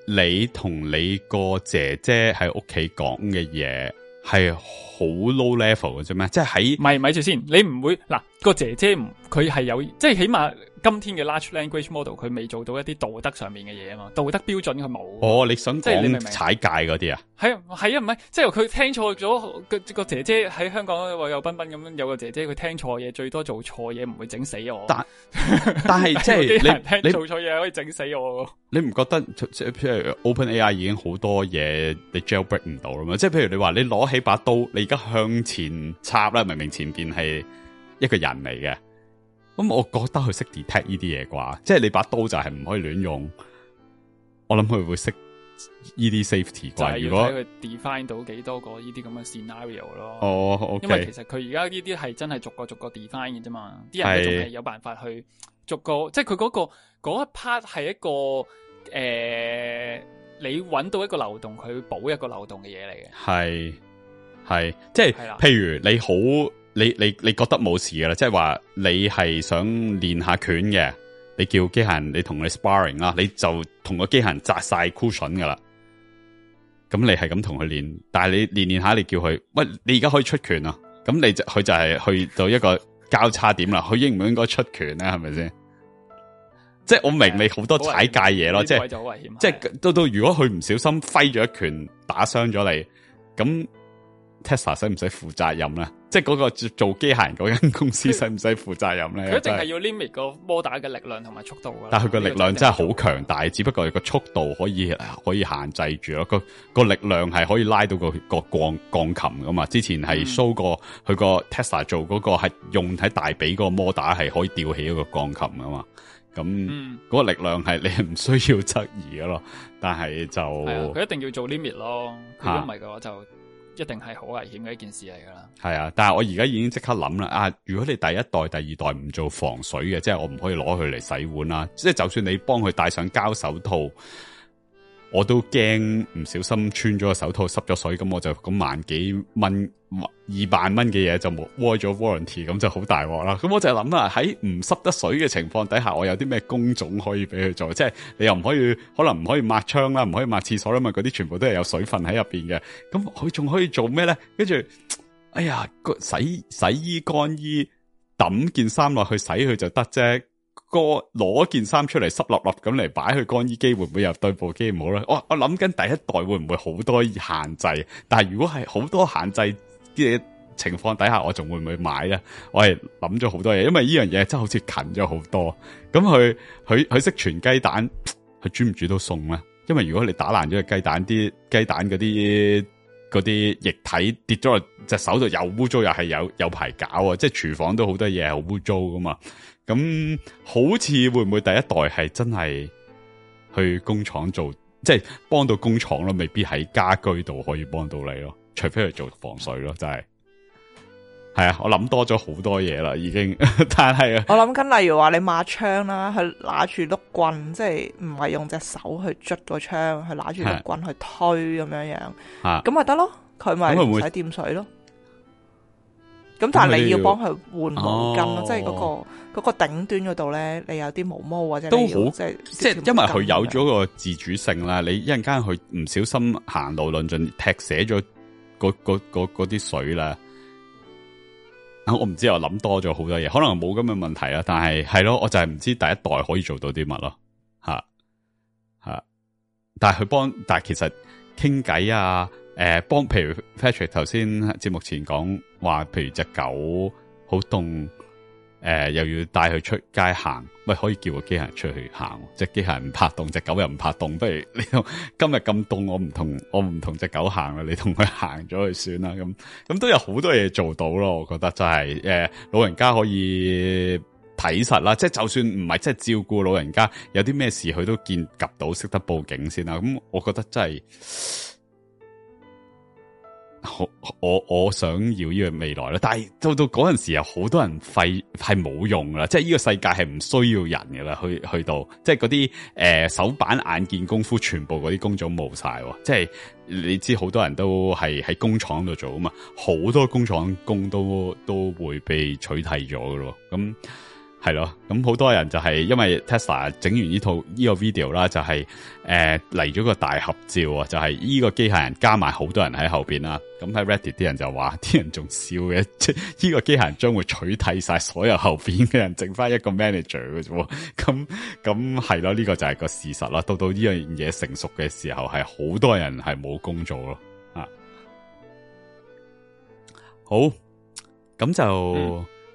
你同你個姐姐喺屋企講嘅嘢係好 low level 嘅啫咩？即係喺咪咪住先，你唔會，嗱，個姐姐，唔，佢係有即係起碼。今天嘅 large language model 佢未做到一啲道德上面嘅嘢啊嘛，道德標準佢冇。哦，你想講即係你明唔明？踩界嗰啲啊？係啊，係啊，唔係，即係佢聽錯咗個個姐姐喺香港話有彬彬咁樣，有個姐姐佢聽錯嘢，最多做錯嘢，唔會整死我。但但係 即係你聽你做錯嘢可以整死我。你唔覺得即係譬如 Open AI 已經好多嘢你 jailbreak 唔到啊嘛？即係譬如你話你攞起把刀，你而家向前插啦，明明前邊係一個人嚟嘅。咁、嗯、我覺得佢識 detect 呢啲嘢啩，即、就、係、是、你把刀就係唔可以亂用。我諗佢會識呢啲 safety 啩。如果佢 define 到幾多個呢啲咁嘅 scenario 咯。哦，okay、因為其實佢而家呢啲係真係逐個逐個 define 嘅啫嘛。啲人仲係有辦法去逐個，即係佢嗰個嗰一 part 係一個誒、呃，你揾到一個漏洞，佢補一個漏洞嘅嘢嚟嘅。係係，即係、就是、的譬如你好。你你你覺得冇事嘅啦，即係話你係想練下拳嘅，你叫機械人你同你 sparring 啦，你就同個機械人紮晒 cushion 噶啦。咁你係咁同佢練，但係你練練下，你叫佢，喂，你而家可以出拳啊？咁你就佢就係去到一個交叉點啦，佢 應唔應該出拳咧？係咪先？即係我明你好多踩界嘢咯，危險，即係即係的到到如果佢唔小心揮咗一拳打傷咗你，咁 Tesla 使唔使負責任咧？即係嗰個做做機械人嗰間公司使唔使負責任咧？佢淨係要 limit 個摩打嘅力量同埋速度啊。但係佢個力量真係好強大，只不過個速度可以可以限制住咯。個、嗰個力量係可以拉到、嗰個、嗰個鋼鋼琴噶嘛。之前係 show 過佢、嗯、個 Tesla 做嗰個係用喺大髀個摩打係可以吊起一個鋼琴噶嘛。咁嗰、嗯、個力量係你唔需要質疑咯。但係就係佢、啊、一定要做 limit 咯。佢如果唔係嘅話就。一定係好危險嘅一件事嚟噶啦，係啊！但係我而家已經即刻諗啦，啊！如果你第一代、第二代唔做防水嘅，即係我唔可以攞佢嚟洗碗啦。即係就算你幫佢戴上膠手套，我都驚唔小心穿咗個手套濕咗水，咁我就咁萬幾蚊。二萬蚊嘅嘢，就冇 void 咗 warranty，咁就好大鑊啦。咁我就諗啦，喺唔濕得水嘅情況底下，我有啲咩工種可以俾佢做？即係你又唔可以，可能唔可以抹窗啦，唔可以抹廁所啦嘛。嗰啲全部都係有水分喺入邊嘅。咁佢仲可以做咩咧？跟住，哎呀，洗洗衣乾衣，抌件衫落去洗佢就得啫。個攞件衫出嚟，濕立立咁嚟擺去乾衣機，會唔會又對部機唔好咧？我我諗緊第一代會唔會好多限制？但係如果係好多限制。啲情況底下我會會，我仲會唔會買咧？我係諗咗好多嘢，因為呢樣嘢真係好似近咗好多。咁佢佢佢識全雞蛋，佢煮唔煮到送咧？因為如果你打爛咗個雞蛋，啲雞蛋嗰啲嗰啲液體跌咗喺隻手度又污糟，又係有有排搞啊！即係廚房都好多嘢好污糟噶嘛。咁好似會唔會第一代係真係去工廠做，即係幫到工廠咯？未必喺家居度可以幫到你咯。除非去做防水咯，真係係啊！我諗多咗好多嘢啦，已經。但係我諗緊，例如話你抹槍啦，佢拿住碌棍，即係唔係用隻手去捽個槍，去拿住碌棍去推咁樣的樣，咁咪得咯？佢咪唔使掂水咯？咁但係你要幫佢換毛巾咯，那哦、即係嗰、嗰個嗰、嗰個頂端嗰度咧，你有啲毛毛或者都好，即係即係，巾因為佢有咗個自主性啦，樣你一陣間佢唔小心行路論盡踢寫咗。嗰嗰嗰嗰啲水啦，我唔知我諗多咗好多嘢，可能冇咁嘅問題啦，但係係咯，我就係唔知第一代可以做到啲乜咯，吓、啊、吓、啊，但係佢幫，但係其實傾偈啊，誒、呃，幫，譬如 Patrick 頭先節目前講話，譬如隻狗好凍。誒、呃，又要帶佢出街行，咪可以叫個機械人出去行。隻機械人唔怕凍，隻狗又唔怕凍，不如你今日咁凍，我唔同我唔同隻狗行啦，你同佢行咗去算啦。咁咁都有好多嘢做到咯，我覺得真係誒，老人家可以睇實啦，即、就、係、是、就算唔係即係照顧老人家，有啲咩事佢都見及到，識得報警先啦。咁我覺得真係。我我我想要呢個未來啦，但係到到嗰陣時又好多人廢係冇用啦，即係呢個世界係唔需要人噶啦，去去到即係嗰啲誒手板眼見功夫，全部嗰啲工種冇晒，即係你知好多人都係喺工廠度做啊嘛，好多工廠工都都會被取替咗噶咯咁。係咯，咁好多人就係、是、因為 Tesla 整完呢套呢、這個 video 啦、就是，就係誒嚟咗個大合照啊，就係、是、呢個機械人加埋好多人喺後邊啦。咁喺 Reddit 啲人就話，啲人仲笑嘅，即係呢個機械人將會取代晒所有後邊嘅人，剩翻一個 manager 嘅啫。咁咁係咯，呢、這個就係個事實啦。到到呢樣嘢成熟嘅時候，係好多人係冇工做咯。啊，好，咁就。嗯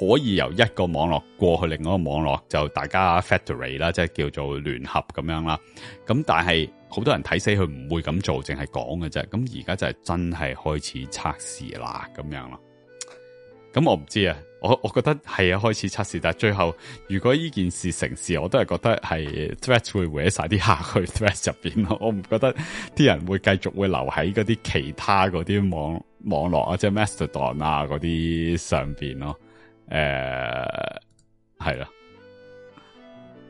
可以由一個網絡過去另一個網絡，就大家 factory 啦，即係叫做聯合咁樣啦。咁但係好多人睇死佢唔會咁做，淨係講嘅啫。咁而家就係真係開始測試啦，咁樣咯。咁我唔知啊，我我覺得係啊，開始測試，但係最後如果呢件事成事，我都係覺得係 Threads 會毀晒啲客去 Threads 入邊咯。我唔覺得啲人會繼續會留喺嗰啲其他嗰啲網網絡啊，即係 mastodon 啊嗰啲上邊咯。誒，係啦，uh，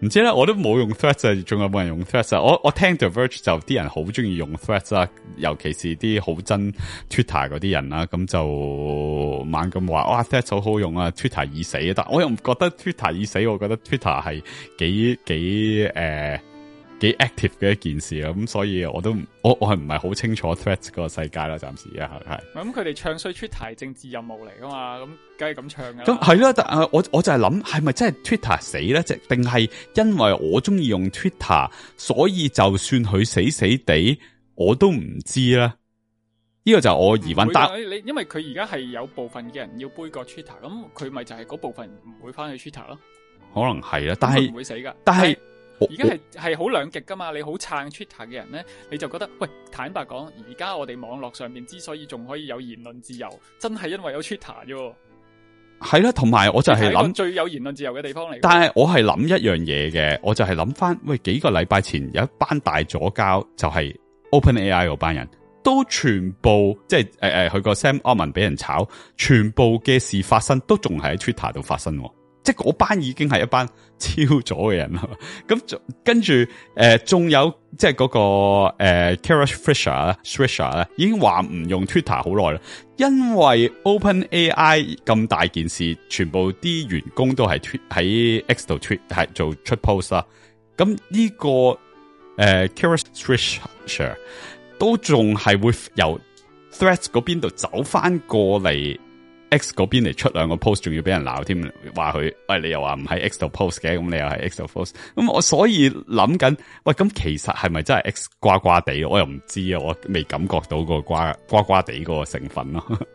唔知咧，我都冇用 threads 啊，仲有冇人用 threads 啊？我我聽 The Verge 就啲人好中意用 threads 啊，尤其是啲好憎 twitter 嗰啲人啦，咁就猛咁話哇 threads 好好用啊，twitter 已死啊，但我又唔覺得 twitter 已死，我覺得 twitter 係幾幾誒。幾 active 嘅一件事啊，咁所以我都我我係唔係好清楚 Thread 嗰個世界啦，暫時一下係。咁佢哋唱衰 Twitter 係政治任務嚟噶嘛，咁梗係咁唱啦。咁係啦，我我就係諗，係咪真係 Twitter 死咧？即定係因為我中意用 Twitter，所以就算佢死死地，我都唔知啦。呢、這個就我疑問。不不但你因為佢而家係有部分嘅人要杯葛 Twitter，咁佢咪就係嗰部分唔會翻去 Twitter 咯？可能係啦，但係唔會死噶，但係。而家係係好兩極噶嘛？你好撐 Twitter 嘅人咧，你就覺得喂，坦白講，而家我哋網絡上面之所以仲可以有言論自由，真係因為有 Twitter 啫。係啦，同埋我就係諗，最有言論自由嘅地方嚟。但係我係諗一樣嘢嘅，我就係諗翻，喂，幾個禮拜前有一班大咗交，就係 OpenAI 嗰班人都全部即係誒誒，佢、就是呃呃、個 Sam Altman 俾人炒，全部嘅事發生都仲係喺 Twitter 度發生。即係嗰班已經係一班超咗嘅人啦， 咁跟住，誒，仲有即係嗰、嗰個誒、呃、Kara Swisher、Swisher 已經話唔用 Twitter 好耐啦，因為 OpenAI 咁大件事，全部啲員工都係喺 X 度係做出 post 啦，咁呢、這個誒、呃、Kara Swisher 都仲係會由 Threads 嗰邊度走翻過嚟。X 嗰邊嚟，出兩個 post，仲要俾人鬧添，話佢，喂、哎、你又話唔喺 X 度 post 嘅，咁你又係 X 度 post，咁我所以諗緊，喂，咁其實係咪真係 X 瓜瓜地？我又唔知啊，我未感覺到個瓜瓜瓜地嗰個成分咯。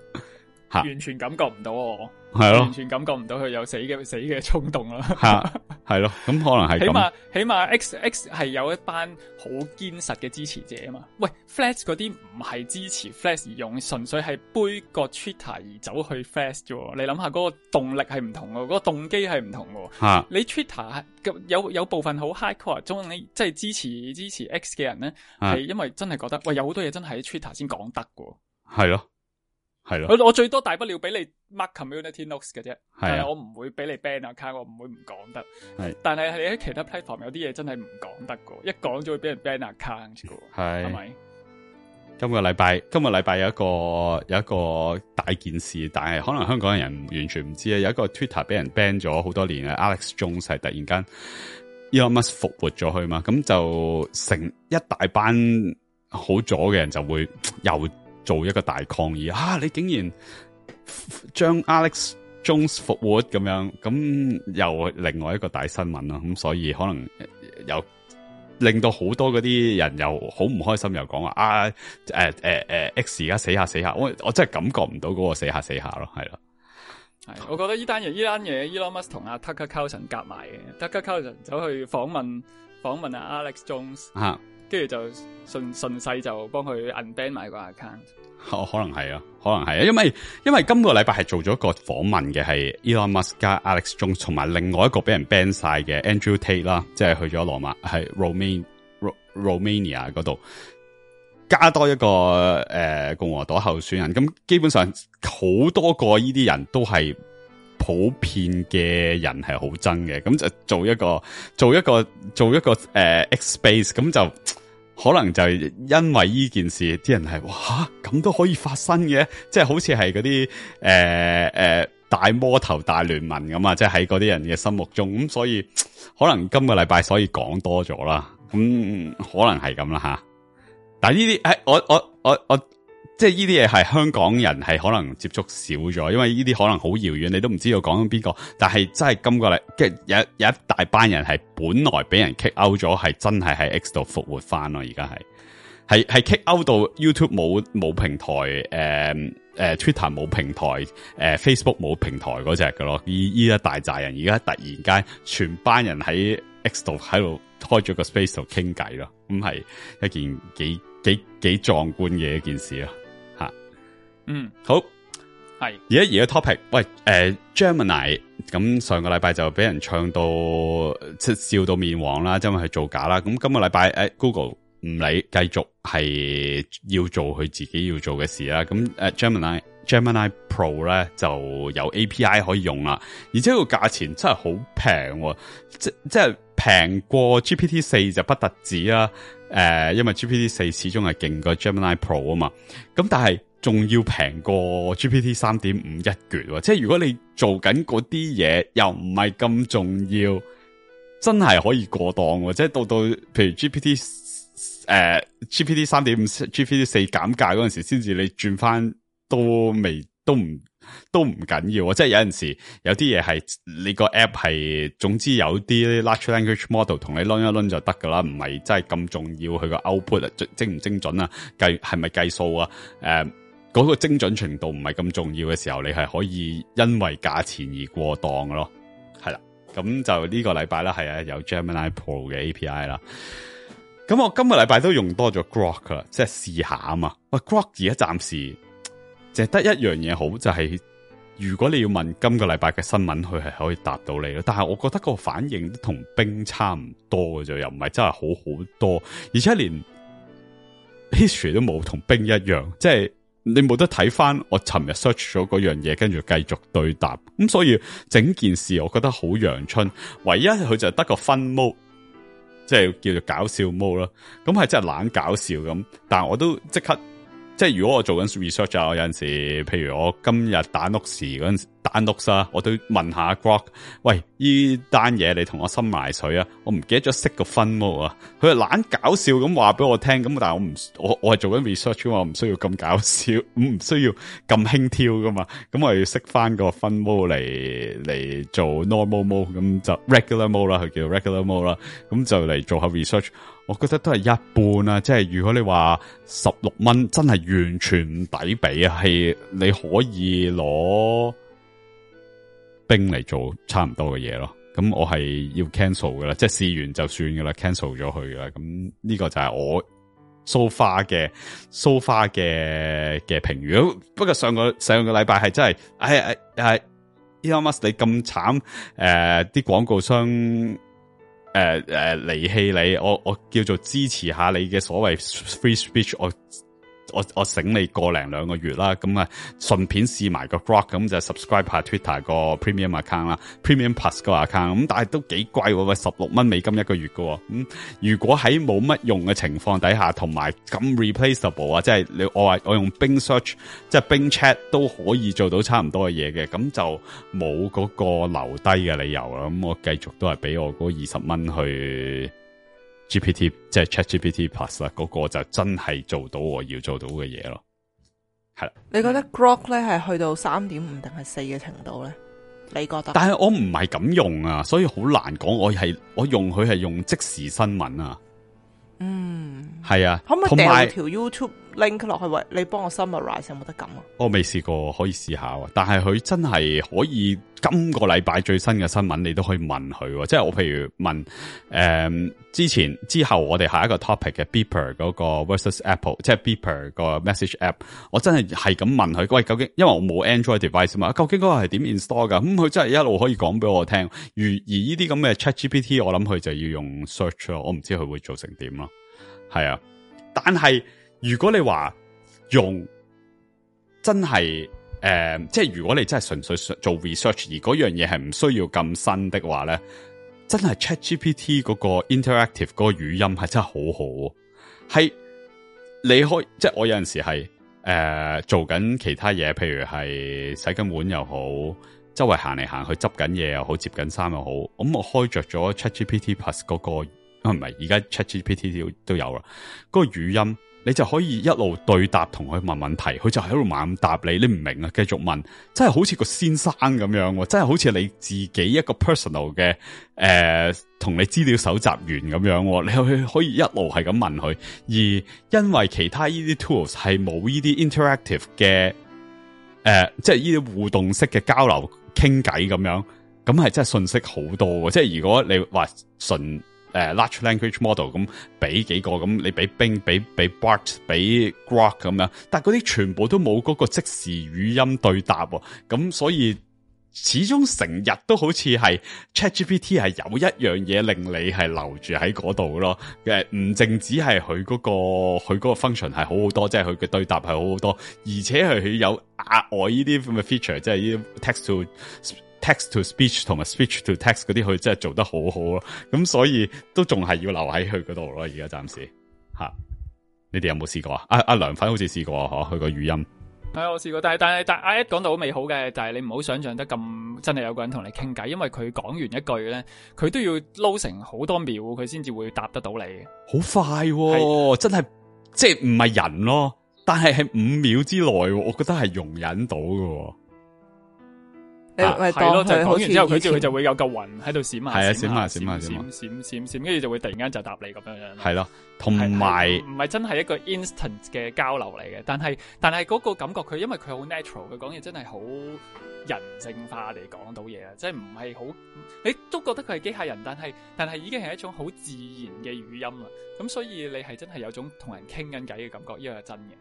完全感覺唔到我，係咯的，完全感覺唔到佢有死嘅死嘅衝動啦。係咯的，咁 可能係起碼起碼 X X 係有一班好堅實嘅支持者啊嘛。喂，Flash 嗰啲唔係支持 Flash 而用，純粹係杯葛 Twitter 而走去 Flash 啫。你諗下嗰個動力係唔同喎，嗰、嗰個動機係唔同喎。的你 Twitter 有有部分好 hardcore，即係支持支持 X 嘅人咧，係的因為真係覺得喂有好多嘢真係喺 Twitter 先講得喎。」係咯。係咯，我最多大不了俾你 mark community notes 嘅啫的，係我唔會俾你 ban account，我唔會唔講得。係的，但係喺其他 platform 有啲嘢真係唔講得噶，一講就會俾人 ban account 咁樣噶。係咪？今個禮拜今個禮拜有一個有一個大件事，但係可能香港人完全唔知啊。有一個 Twitter 俾人 ban 咗好多年啊，Alex Jones 係突然間，Elon Musk 復活咗佢嘛，咁就成一大班好咗嘅人就會又。做一個大抗議啊！你竟然將 Alex Jones 復活咁樣，咁又另外一個大新聞啦，咁所以可能又令到好多嗰啲人又好唔開心又，又講話啊，誒誒誒，X 而家死下死下，我我真係感覺唔到嗰個死下死下咯。係啦係，我覺得呢單嘢呢單嘢，Elon Musk 同阿 Tucker Carlson 夾埋嘅，Tucker Carlson 走去訪問訪問阿 Alex Jones。啊跟住就順順勢就幫佢 unban 埋個 account，哦、可能係啊，可能係啊，因為因為今個禮拜係做咗個訪問嘅係 Elon Musk 加 Alex Jones 同埋另外一個俾人 ban 晒嘅 Andrew Tate 啦，即係即係去咗羅馬，喺 Romania 嗰度加多一個誒、呃、共和黨候選人，咁基本上好多個依啲人都係。普遍嘅人係好憎嘅，咁就做一個做一個做一個誒、呃、，X space 咁就可能就係因為呢件事，啲人係哇，咁都可以發生嘅，即、就、係、是、好似係嗰啲誒誒大魔頭大聯盟咁啊，即係喺嗰啲人嘅心目中，咁所以可能今個禮拜所以講多咗啦，咁可能係咁啦吓，但係呢啲誒，我我我我。我即係呢啲嘢係香港人係可能接觸少咗，因為呢啲可能好遙遠，你都唔知道講緊邊個。但係真係今個禮，即係有有一大班人係本來俾人 kick out 咗，係真係喺 X 度復活翻咯。而家係係係 kick out 到 YouTube 冇冇平台，誒、呃呃、Twitter 冇平台，誒、呃、Facebook 冇平台嗰隻嘅咯。依依一大扎人而家突然間，全班人喺 X 度喺度開咗個 space 度傾偈咯，咁係一件幾幾幾壯觀嘅一件事啊！嗯，好，係而家而家 topic，喂，誒、呃、，Gemini 咁上個禮拜就俾人唱到即係笑到面黃啦，真係去造假啦。咁今個禮拜誒，Google 唔理，繼續係要做佢自己要做嘅事啦。咁誒、呃、，Gemini，Gemini Gem Pro 咧就有 API 可以用啦，而且個價錢真係好平，即即係平過 GPT 四就不得止啦，誒、呃，因為 GPT 四始終係勁過 Gemini Pro 啊嘛，咁但係。仲要平過 GPT 三點五一橛、啊，即係如果你做緊嗰啲嘢，又唔係咁重要，真係可以過檔、啊。即係到到，譬如 GPT，誒、呃、GPT 三點五 GPT 四減價嗰陣時，先至你轉翻都未都唔都唔緊要、啊。即係有陣時有啲嘢係你個 app 係，總之有啲 large language model 同你 run 一 run 就得噶啦，唔係真係咁重要、啊。佢個 output 精唔精準啊？計係咪計數啊？誒、呃。嗰個精準程度唔係咁重要嘅時候，你係可以因為價錢而過當嘅咯，係啦。咁就呢個禮拜啦，係啊，有 Gemini Pro 嘅 API 啦。咁我今個禮拜都用多咗 Grok 啦，即係試下啊嘛。喂，Grok 而家暫時淨係得一樣嘢好，就係如果你要問今個禮拜嘅新聞，佢係可以答到你咯。但係我覺得個反應同冰差唔多嘅啫，又唔係真係好好多，而且連 history 都冇同冰一樣，即係。你冇得睇翻，我尋日 search 咗嗰樣嘢，跟住繼續對答。咁所以整件事我覺得好陽春，唯一佢就得個 fun mode，即係叫做搞笑 mode 囉。咁係真係懶搞笑咁，但係我都即刻，即係如果我做緊 research 啊，我有陣時，譬如我今日打屋時嗰陣時。單六啊，我都問下 Grok，喂，呢單嘢你同我深埋水啊，我唔記得咗識個分模啊。佢係懶搞笑咁話俾我聽，咁但係我唔我我係做緊 research 噶嘛唔需要咁搞笑，唔需要咁輕佻噶嘛咁我要識翻個分模嚟嚟做 normal 模，咁就 regular 模啦，佢叫 regular 模啦，咁就嚟做下 research。我覺得都係一般啦，即係如果你話十六蚊真係完全唔抵俾啊，係你可以攞。兵嚟做差唔多嘅嘢咯，咁我係要 cancel 噶啦，即係試完就算噶啦，cancel 咗佢噶，咁呢個就係我 so far 嘅 so far 嘅嘅評語。不過上個上個禮拜係真係，哎呀哎哎，Elon Musk，你咁慘，誒、呃，啲廣告商，誒誒離棄你，我我叫做支持下你嘅所謂 free speech，我。我我醒你過零兩個月啦，咁啊順便試埋個 rock 咁就 subscribe 下 Twitter 個 prem premium account 啦，premium plus 個 account，咁但係都幾貴喎，十六蚊美金一個月嘅，咁如果喺冇乜用嘅情況底下，同埋咁 replaceable 啊，即係你我話我用 bing search，即係 bing chat 都可以做到差唔多嘅嘢嘅，咁就冇嗰個留低嘅理由啦，咁我繼續都係俾我嗰二十蚊去。GPT 即係 ChatGPT Plus 啦，嗰個就真係做到我要做到嘅嘢咯，係啦。你覺得 Grok 咧？係去到三點五定係四嘅程度咧？你覺得？但係我唔係咁用啊，所以好難講。我係我用佢係用即時新聞啊，嗯，係啊。可唔可以訂條 YouTube？link 佢落去喂，你幫我 summarize，有冇得咁啊？我未試過，可以試下喎。但係佢真係可以今個禮拜最新嘅新聞，你都可以問佢。即係我譬如問誒，嗯，之前之後我哋下一個 topic 嘅 Beeper 嗰個 versus Apple，即係 Beeper 個 message app，我真係係咁問佢喂，究竟因為我冇 Android device 嘛？究竟嗰個係點 install 噶？咁，嗯，佢真係一路可以講俾我聽。如而呢啲咁嘅 Chat GPT，我諗佢就要用 search 咯。我唔知佢會做成點咯。係啊，但係。如果你話用真係誒、呃，即係如果你真係純粹做 research，而嗰樣嘢係唔需要咁新的話咧，真係 ChatGPT 嗰個 interactive 嗰個語音係真係好好、啊。係你開即係我有陣時係誒、呃、做緊其他嘢，譬如係洗緊碗又好，周圍行嚟行去執緊嘢又好，接緊衫又好。咁、嗯、我開着咗 ChatGPT Plus 嗰、嗰個，唔、啊、係，而家 ChatGPT 都都有啦。嗰、嗰個語音。你就可以一路對答同佢問問題，佢就喺度猛答你，你唔明啊，繼續問，真係好似個先生咁樣喎，真係好似你自己一個 personal 嘅誒，同、呃、你資料搜集員咁樣，你可以一路係咁問佢，而因為其他呢啲 tools 係冇呢啲 interactive 嘅誒、呃，即係呢啲互動式嘅交流傾偈咁樣，咁係真係信息好多喎，即係如果你話純。Uh, large language model 咁俾幾個咁，你俾 Bing，俾俾 Bart，俾 Grok 咁樣，但嗰啲全部都冇嗰個即時語音對答喎、哦，咁所以始終成日都好似係 chat GPT 係有一樣嘢令你係留住喺嗰度咯，唔淨止係佢嗰個佢嗰個 function 係好好多，即係佢嘅對答係好好多，而且係佢有額外呢啲咁嘅 feature，即係依 text to Text to speech 同埋 speech to text 嗰啲，佢真係做得好好咯。咁所以都仲係要留喺佢嗰度咯。而家暫時吓、啊，你哋有冇試過啊？阿、啊、阿梁粉好似試過啊，嗬？佢個語音係、哎、我試過，但係但係但阿、啊、一講到好美好嘅，但係你唔好想象得咁真係有個人同你傾偈，因為佢講完一句咧，佢都要撈成好多秒，佢先至會答得到你。好快、哦，是真係即係唔係人咯？但係係五秒之內，我覺得係容忍到嘅、哦。係咯，就係講完之後，佢就佢就會有嚿雲喺度閃下閃下閃下閃閃閃閃，跟住就會突然間就答你咁樣樣。係咯，同埋唔係真係一個 instant 嘅交流嚟嘅，但係但係嗰個感覺，佢因為佢好 natural，佢講嘢真係好人性化地講到嘢，即係唔係好，你都覺得佢係機械人，但係但係已經係一種好自然嘅語音啦。咁所以你係真係有種同人傾緊偈嘅感覺，呢個係真嘅。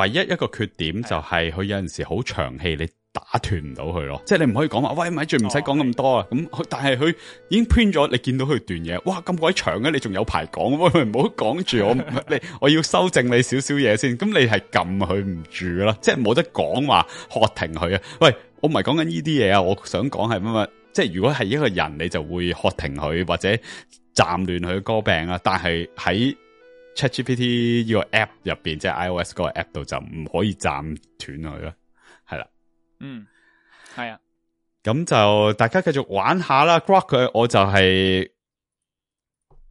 唯一一個缺點就係佢有陣時好長氣，你。打斷，唔到佢咯，即係你唔可以講、哎、話，喂咪住唔使講咁多啊！咁但係佢已經 print 咗，你見到佢斷嘢，哇咁鬼長嘅，你仲有排講，唔好講住我，你 我，我要修正你少少嘢先。咁你係撳佢唔住啦，即係冇得講話，喝停佢啊！喂，我唔係講緊呢啲嘢啊，我想講係乜乜，即係如果係一個人，你就會喝停佢或者暫亂佢歌病啊。但係喺 ChatGPT 呢個 app 入邊，即係 iOS 嗰個 app 度就唔可以暫斷佢啦。嗯，係啊，咁就大家繼續玩下啦。Grok 佢我就係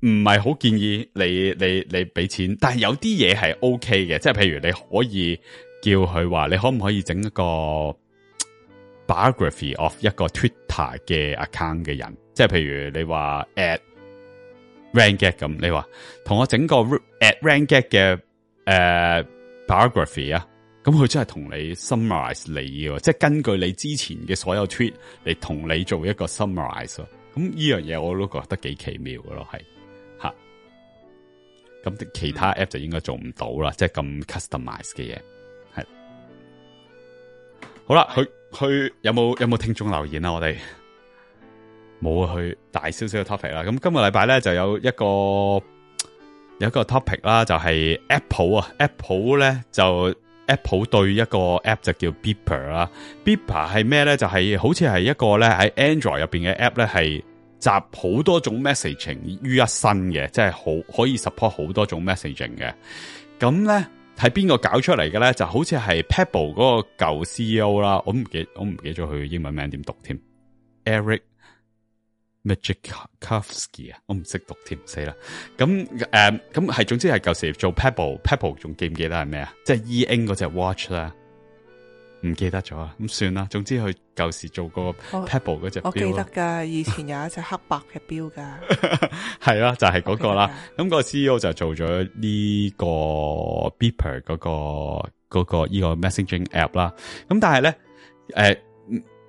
唔係好建議你你你俾錢，但係有啲嘢係 O K 嘅，即係譬如你可以叫佢話你可唔可以整一個 biography of 一個 Twitter 嘅 account 嘅人，即係譬如你話 at Ranget 咁，你話同我整個 at Ranget 嘅誒、uh, biography 啊。咁佢真係同你 summarize 你喎，即係根據你之前嘅所有 tweet 嚟同你做一個 summarize 咯。咁呢樣嘢我都覺得幾奇妙咯，係吓。咁其他 app 就應該做唔到啦，即係咁 customize 嘅嘢。係好啦，去去有冇有冇聽眾留言啊？我哋冇啊。去大少少嘅 topic 啦。咁今個禮拜咧就有一個有一個 topic 啦，就係 Apple 啊，Apple 咧就。Apple 對一個 app 就叫 Beeper 啦，Beeper 係咩咧？就係、是、好似係一個咧喺 Android 入邊嘅 app 咧，係集好多種 messaging 於一身嘅，即係好可以 support 好多種 messaging 嘅。咁咧係邊個搞出嚟嘅咧？就好似係 Pebble 嗰個舊 CEO 啦，我唔記，我唔記咗佢英文名點讀添，Eric。Magic Kavsky 啊，我唔識讀添，死啦！咁誒，咁係，總之係舊時做 Pebble，Pebble 仲記唔記得係咩啊？即係伊恩嗰隻 watch 啦，唔記得咗啦，咁算啦。總之佢舊時做過 Pebble 嗰隻表啊，我記得噶，以前有一隻黑白嘅表噶，係啦，就係嗰個啦。咁個 CEO 就做咗呢個 Beeper 嗰個嗰個呢個 Messaging App 啦。咁但係咧，誒。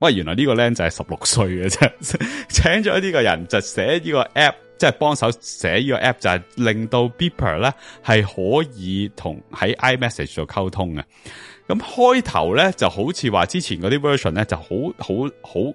喂，原來呢個僆仔係十六歲嘅啫，請咗呢個人就寫呢個 app，即係幫手寫呢個 app，就係令到 Beeper 咧係可以同喺 iMessage 度溝通嘅。咁開頭咧就好似話之前嗰啲 version 咧就好好好。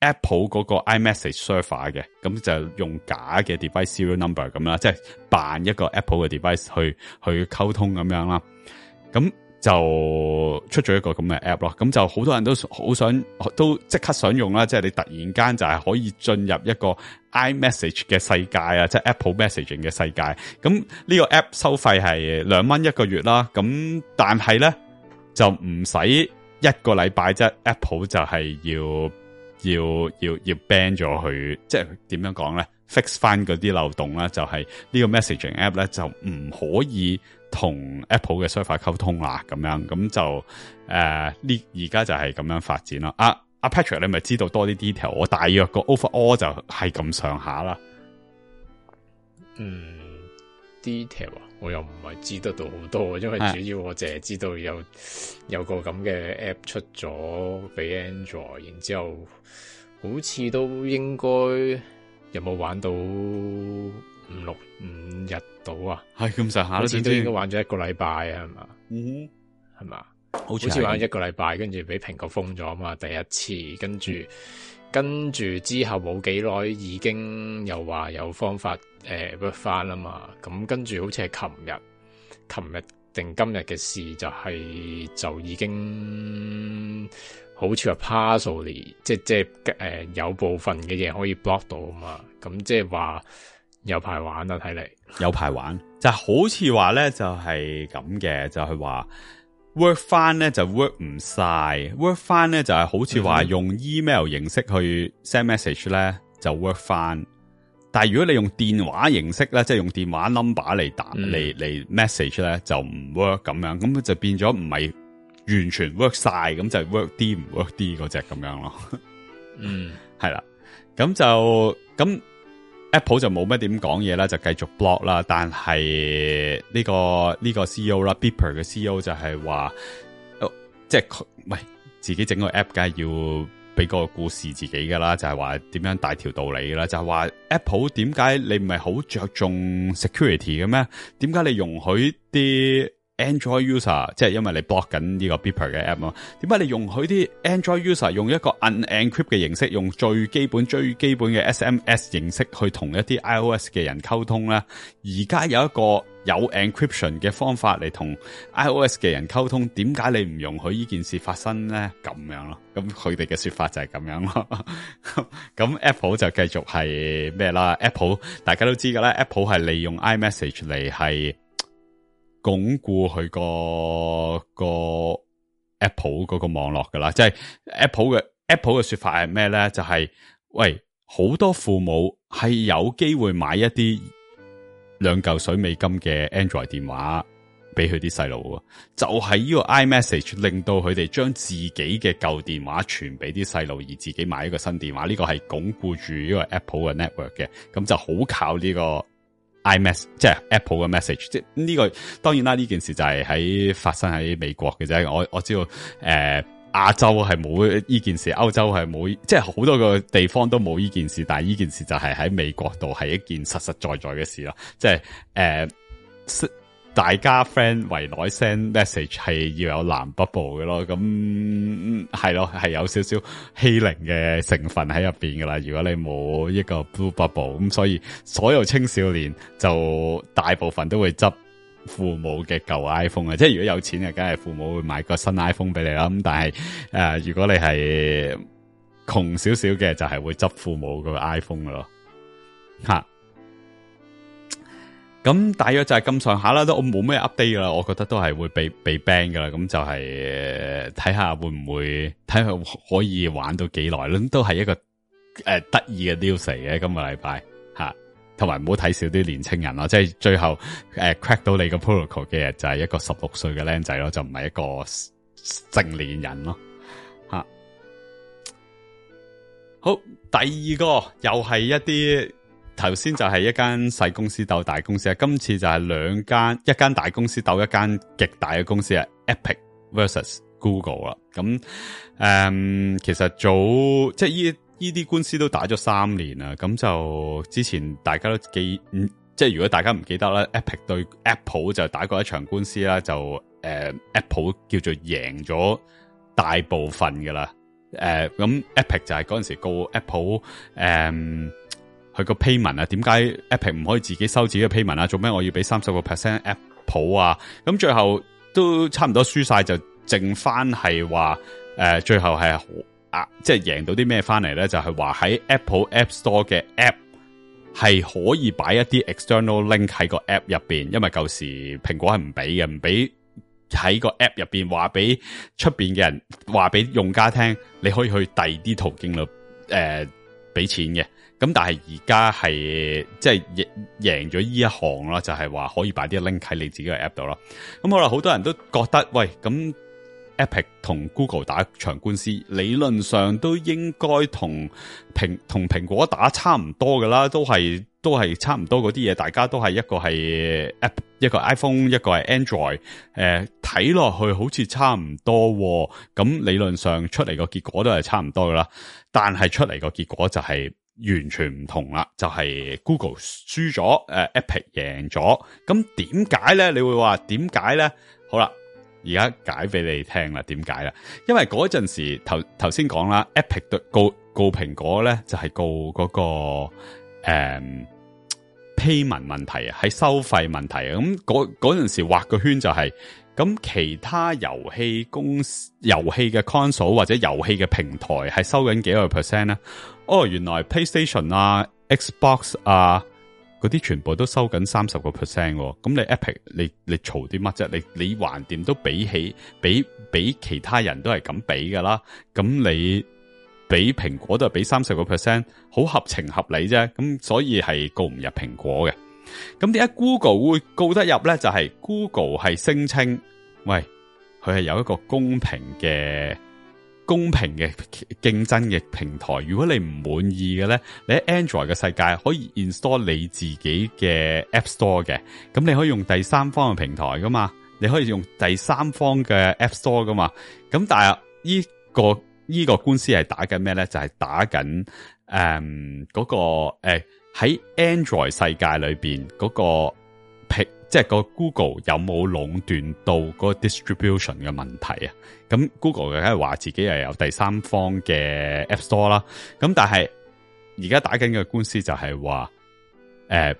Apple 嗰個 iMessage server 嘅，咁就用假嘅 device serial number 咁啦，即係扮一個 Apple 嘅 device 去去溝通咁樣啦。咁就出咗一個咁嘅 app 咯。咁就好多人都好想都即刻想用啦，即係你突然間就係可以進入一個 iMessage 嘅世界啊，即係 Apple messaging 嘅世界。咁呢個 app 收費係兩蚊一個月啦。咁但係咧就唔使一個禮拜，即 Apple 就係要。要要要 ban 咗佢，即係點樣講咧？fix 翻嗰啲漏洞啦，就係、是、呢個 Messaging App 咧就唔可以同 Apple 嘅 server 溝通啦，咁樣咁就誒呢而家就係咁樣發展咯。阿、啊、阿、啊、Patrick 你咪知道多啲 detail，我大約個 overall 就係咁上下啦。嗯，detail 啊。細細我又唔係知得到好多，因為主要我淨係知道有是的 有個咁嘅 app 出咗俾 Android，然之後好似都應該有冇玩到五六五日到啊？係咁上下，常常都好似都應該玩咗一個禮拜係嘛？嗯哼，係嘛吧？好似玩咗一個禮拜，跟住俾蘋果封咗嘛，第一次，跟住跟住之後冇幾耐已經又話有方法。誒、呃、work 翻啦嘛，咁、嗯、跟住好似係琴日、琴日定今日嘅事、就是，就係就已經好似話 partially 嚟，即係即係誒，有部分嘅嘢可以 block 到啊嘛，咁、嗯、即係話有排玩啊，睇嚟有排玩，就是、好似話咧就係咁嘅，就係、是、話、就是、work 翻咧就 work 唔晒，work 翻咧就係、是、好似話用 email 形式去 send message 咧就 work 翻。但係如果你用電話形式咧，即、就、係、是、用電話 number 嚟打嚟嚟、嗯、message 咧，就唔 work 咁樣，咁就變咗唔係完全 work 晒，咁就 work 啲唔 work 啲嗰隻咁樣咯。 嗯，係啦，咁就咁 Apple 就冇乜點講嘢啦，就繼續 block 啦。但係呢、這個呢、這個 CEO 啦，Beeper 嘅 CEO 就係話，即係佢唔係自己整個 app 梗係要。俾個故事自己噶啦，就係話點樣大條道理啦，就係話 Apple 點解你唔係好着重 security 嘅咩？點解你容許啲 Android user，即係因為你 block 緊呢個 Beeper 嘅 app 咯？點解你容許啲 Android user 用一個 unencrypt 嘅形式，用最基本最基本嘅 SMS 形式去同一啲 iOS 嘅人溝通咧？而家有一個。有 encryption 嘅方法嚟同 iOS 嘅人溝通，點解你唔容許呢件事發生咧？咁樣咯，咁佢哋嘅說法就係咁樣咯。咁 Apple 就繼續係咩啦？Apple 大家都知噶啦，Apple 係利用 iMessage 嚟係鞏固佢個個 Apple 嗰個網絡噶啦。即係 Apple 嘅 Apple 嘅說法係咩咧？就係喂，好多父母係有機會買一啲。兩嚿水美金嘅 Android 電話俾佢啲細路，就係、是、呢個 iMessage 令到佢哋將自己嘅舊電話傳俾啲細路，而自己買一個新電話。呢、這個係鞏固住呢個 Apple 嘅 network 嘅，咁就好靠呢個 iMessage，即係 Apple 嘅 message、這個。即係呢個當然啦，呢件事就係喺發生喺美國嘅啫。我我知道誒。呃亞洲係冇呢件事，歐洲係冇，即係好多個地方都冇呢件事。但係呢件事就係喺美國度係一件實實在在嘅事咯。即係誒、呃，大家 friend 圍內 send message 係要有藍 bubble 嘅咯。咁係咯，係有少少欺凌嘅成分喺入邊噶啦。如果你冇一個 blue bubble，咁、嗯、所以所有青少年就大部分都會執。父母嘅舊 iPhone 啊，即係如果有錢嘅，梗係父母會買個新 iPhone 俾你啦。咁但係誒、呃，如果你係窮少少嘅，就係、是、會執父母個 iPhone 咯。吓、啊，咁大約就係咁上下啦。都我冇咩 update 噶啦，我覺得都係會被被 ban 噶啦。咁就係睇下會唔會睇下可以玩到幾耐啦。咁都係一個誒得意嘅 news 嘅。今個禮拜吓。啊同埋唔好睇少啲年青人咯，即係最後誒，crack、呃、到你個 protocol 嘅就係一個十六歲嘅僆仔咯，就唔係一個成年人咯，吓、啊。好，第二個又係一啲頭先就係一間細公司鬥大公司，今次就係兩間，一間大公司鬥一間極大嘅公司，Epic versus Google 啦。咁、嗯、誒，其實早即係依。呢啲官司都打咗三年啦，咁就之前大家都記，嗯、即係如果大家唔記得啦，Epic 對 Apple 就打過一場官司啦，就誒、呃、Apple 叫做贏咗大部分㗎啦，誒、呃、咁 Epic 就係嗰陣時告 Apple，誒、呃、佢個 payment 啊，點解 Epic 唔可以自己收自己嘅 payment 啊，做咩我要俾三十個 percent Apple 啊，咁最後都差唔多輸晒，就剩翻係話，誒、呃、最後係好。啊！即係贏到啲咩翻嚟咧？就係話喺 Apple App Store 嘅 App 係可以擺一啲 external link 喺個 App 入邊，因為舊時蘋果係唔俾嘅，唔俾喺個 App 入邊話俾出邊嘅人話俾用家聽，你可以去第二啲途徑度誒俾錢嘅。咁但係而家係即係贏贏咗呢一行啦，就係話可以擺啲 link 喺你自己個 App 度咯。咁好啦，好多人都覺得喂咁。Epic 同 Google 打場官司，理論上都應該同蘋同蘋果打差唔多㗎啦，都係都係差唔多嗰啲嘢，大家都係一個係 App，一個 iPhone，一個係 Android、呃。誒，睇落去好似差唔多，咁理論上出嚟個結果都係差唔多噶啦，但係出嚟個結果就係完全唔同啦，就係、是、Google 輸咗，誒 Epic 贏咗。咁點解咧？你會話點解咧？好啦。而家解俾你聽啦，點解啦？因為嗰陣時頭頭先講啦，Epic 對告告蘋果咧就係告嗰個誒 payment 問題，係收費問題。咁嗰嗰陣時畫個圈就係，咁其他遊戲公司遊戲嘅 console 或者遊戲嘅平台係收緊幾多 percent 咧？哦，原來 PlayStation 啊，Xbox 啊。嗰啲全部都收緊三十個 percent，咁你 Epic 你你嘈啲乜啫？你你還掂都比起比比其他人都係咁比噶啦，咁你比蘋果都係比三十個 percent，好合情合理啫。咁所以係告唔入蘋果嘅。咁點解 Google 會告得入咧？就係、是、Google 係聲稱，喂，佢係有一個公平嘅。公平嘅競爭嘅平台，如果你唔滿意嘅咧，你喺 Android 嘅世界可以 install 你自己嘅 App Store 嘅，咁你可以用第三方嘅平台噶嘛，你可以用第三方嘅 App Store 噶嘛，咁但係呢個呢個官司係打緊咩咧？就係打緊誒嗰個誒喺 Android 世界裏邊嗰個。即係 Go 個 Google 有冇壟斷到個 distribution 嘅問題啊？咁 Google 梗係話自己又有第三方嘅 App Store 啦。咁但係而家打緊嘅官司就係話，誒、欸、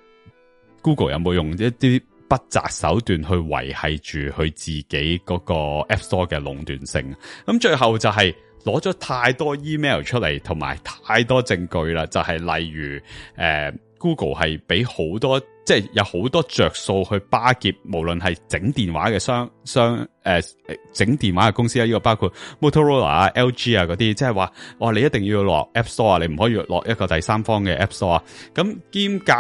，Google 有冇用一啲不擇手段去維繫住佢自己嗰個 App Store 嘅壟斷性？咁最後就係攞咗太多 email 出嚟，同埋太多證據啦。就係、是、例如，誒、欸。Google 係俾好多，即係有多好多着數去巴結，無論係整電話嘅商商，誒、呃、整電話嘅公司啊，呢、這個包括 Motorola 啊、LG 啊嗰啲，即係話，我、哦、你一定要落 App Store 啊，你唔可以落一個第三方嘅 App Store 啊。咁兼隔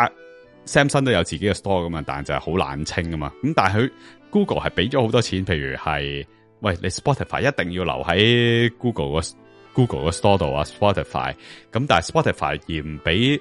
Samsung 都有自己嘅 Store 咁啊，但係就係好冷清噶嘛。咁但係佢 Google 係俾咗好多錢，譬如係，喂你 Spotify 一定要留喺 Go Google 個 Google 個 store 度啊，Spotify。咁但係 Spotify 而唔俾。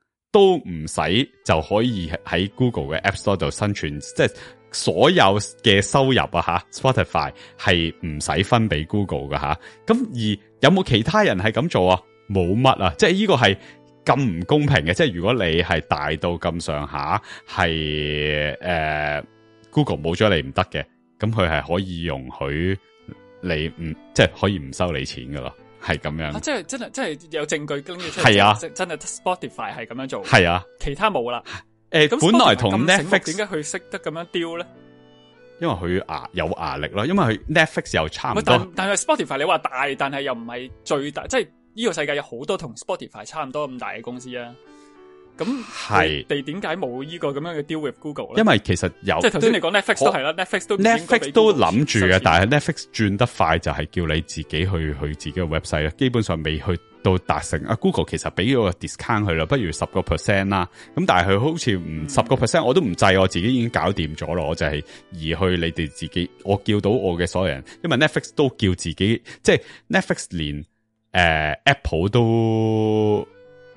都唔使就可以喺 Google 嘅 App Store 度生存，即係所有嘅收入啊吓，Spotify 係唔使分俾 Google 噶吓，咁而有冇其他人係咁做啊？冇乜啊，即係呢個係咁唔公平嘅，即係如果你係大到咁上下，係誒 Google 冇咗你唔得嘅，咁佢係可以容許你唔即係可以唔收你錢噶咯。係咁樣，啊、即係真係真係有證據跟住出嚟，係啊，即係真真係 Spotify 係咁樣做，係啊，其他冇啦。誒、呃，咁本來同 Netflix 點解佢識得咁樣丟咧？因為佢有壓力啦，因為佢 Netflix 又差唔多但，但係 Spotify 你話大，但係又唔係最大，即係呢個世界有好多同 Spotify 差唔多咁大嘅公司啊。咁係，你點解冇依個咁樣嘅 deal with Google 咧？因為其實有即我，即係頭先你講 Netflix 都係啦，Netflix 都 Netflix 都諗住嘅，但係 Netflix 轉得快就係叫你自己去去自己嘅 website 啦。基本上未去到達成啊，Google 其實俾咗個 discount 佢啦，不如十個 percent 啦。咁但係佢好似唔十個 percent，我都唔制，嗯、我自己已經搞掂咗咯。我就係而去你哋自己，我叫到我嘅所有人，因為 Netflix 都叫自己，即係 Netflix 連誒、呃、Apple 都。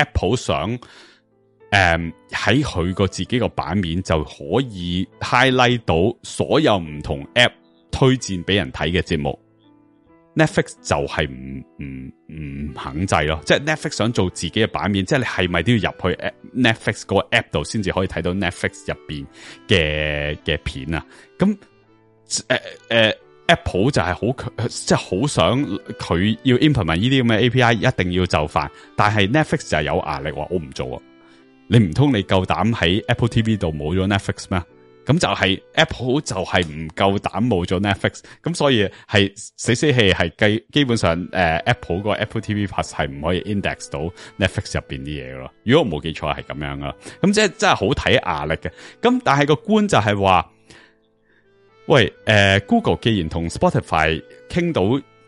Apple 想，誒喺佢個自己個版面就可以 highlight 到所有唔同 App 推薦俾人睇嘅節目，Netflix 就係唔唔唔肯制咯，即係 Netflix 想做自己嘅版面，即係你係咪都要入去 Netflix 個 App 度先至可以睇到 Netflix 入邊嘅嘅片啊？咁誒誒。呃呃 Apple 就係好，即係好想佢要 implement 呢啲咁嘅 API，一定要就範。但係 Netflix 就係有壓力話，我唔做啊！你唔通你夠膽喺 Apple TV 度冇咗 Netflix 咩？咁就係 Apple 就係唔夠膽冇咗 Netflix，咁所以係死死氣係基基本上誒、呃，Apple 個 Apple TV Plus 係唔可以 index 到 Netflix 入邊啲嘢咯。如果我冇記錯係咁樣噶，咁即係真係好睇壓力嘅。咁但係個官就係話。喂，呃、Google 既然同 Spotify 傾到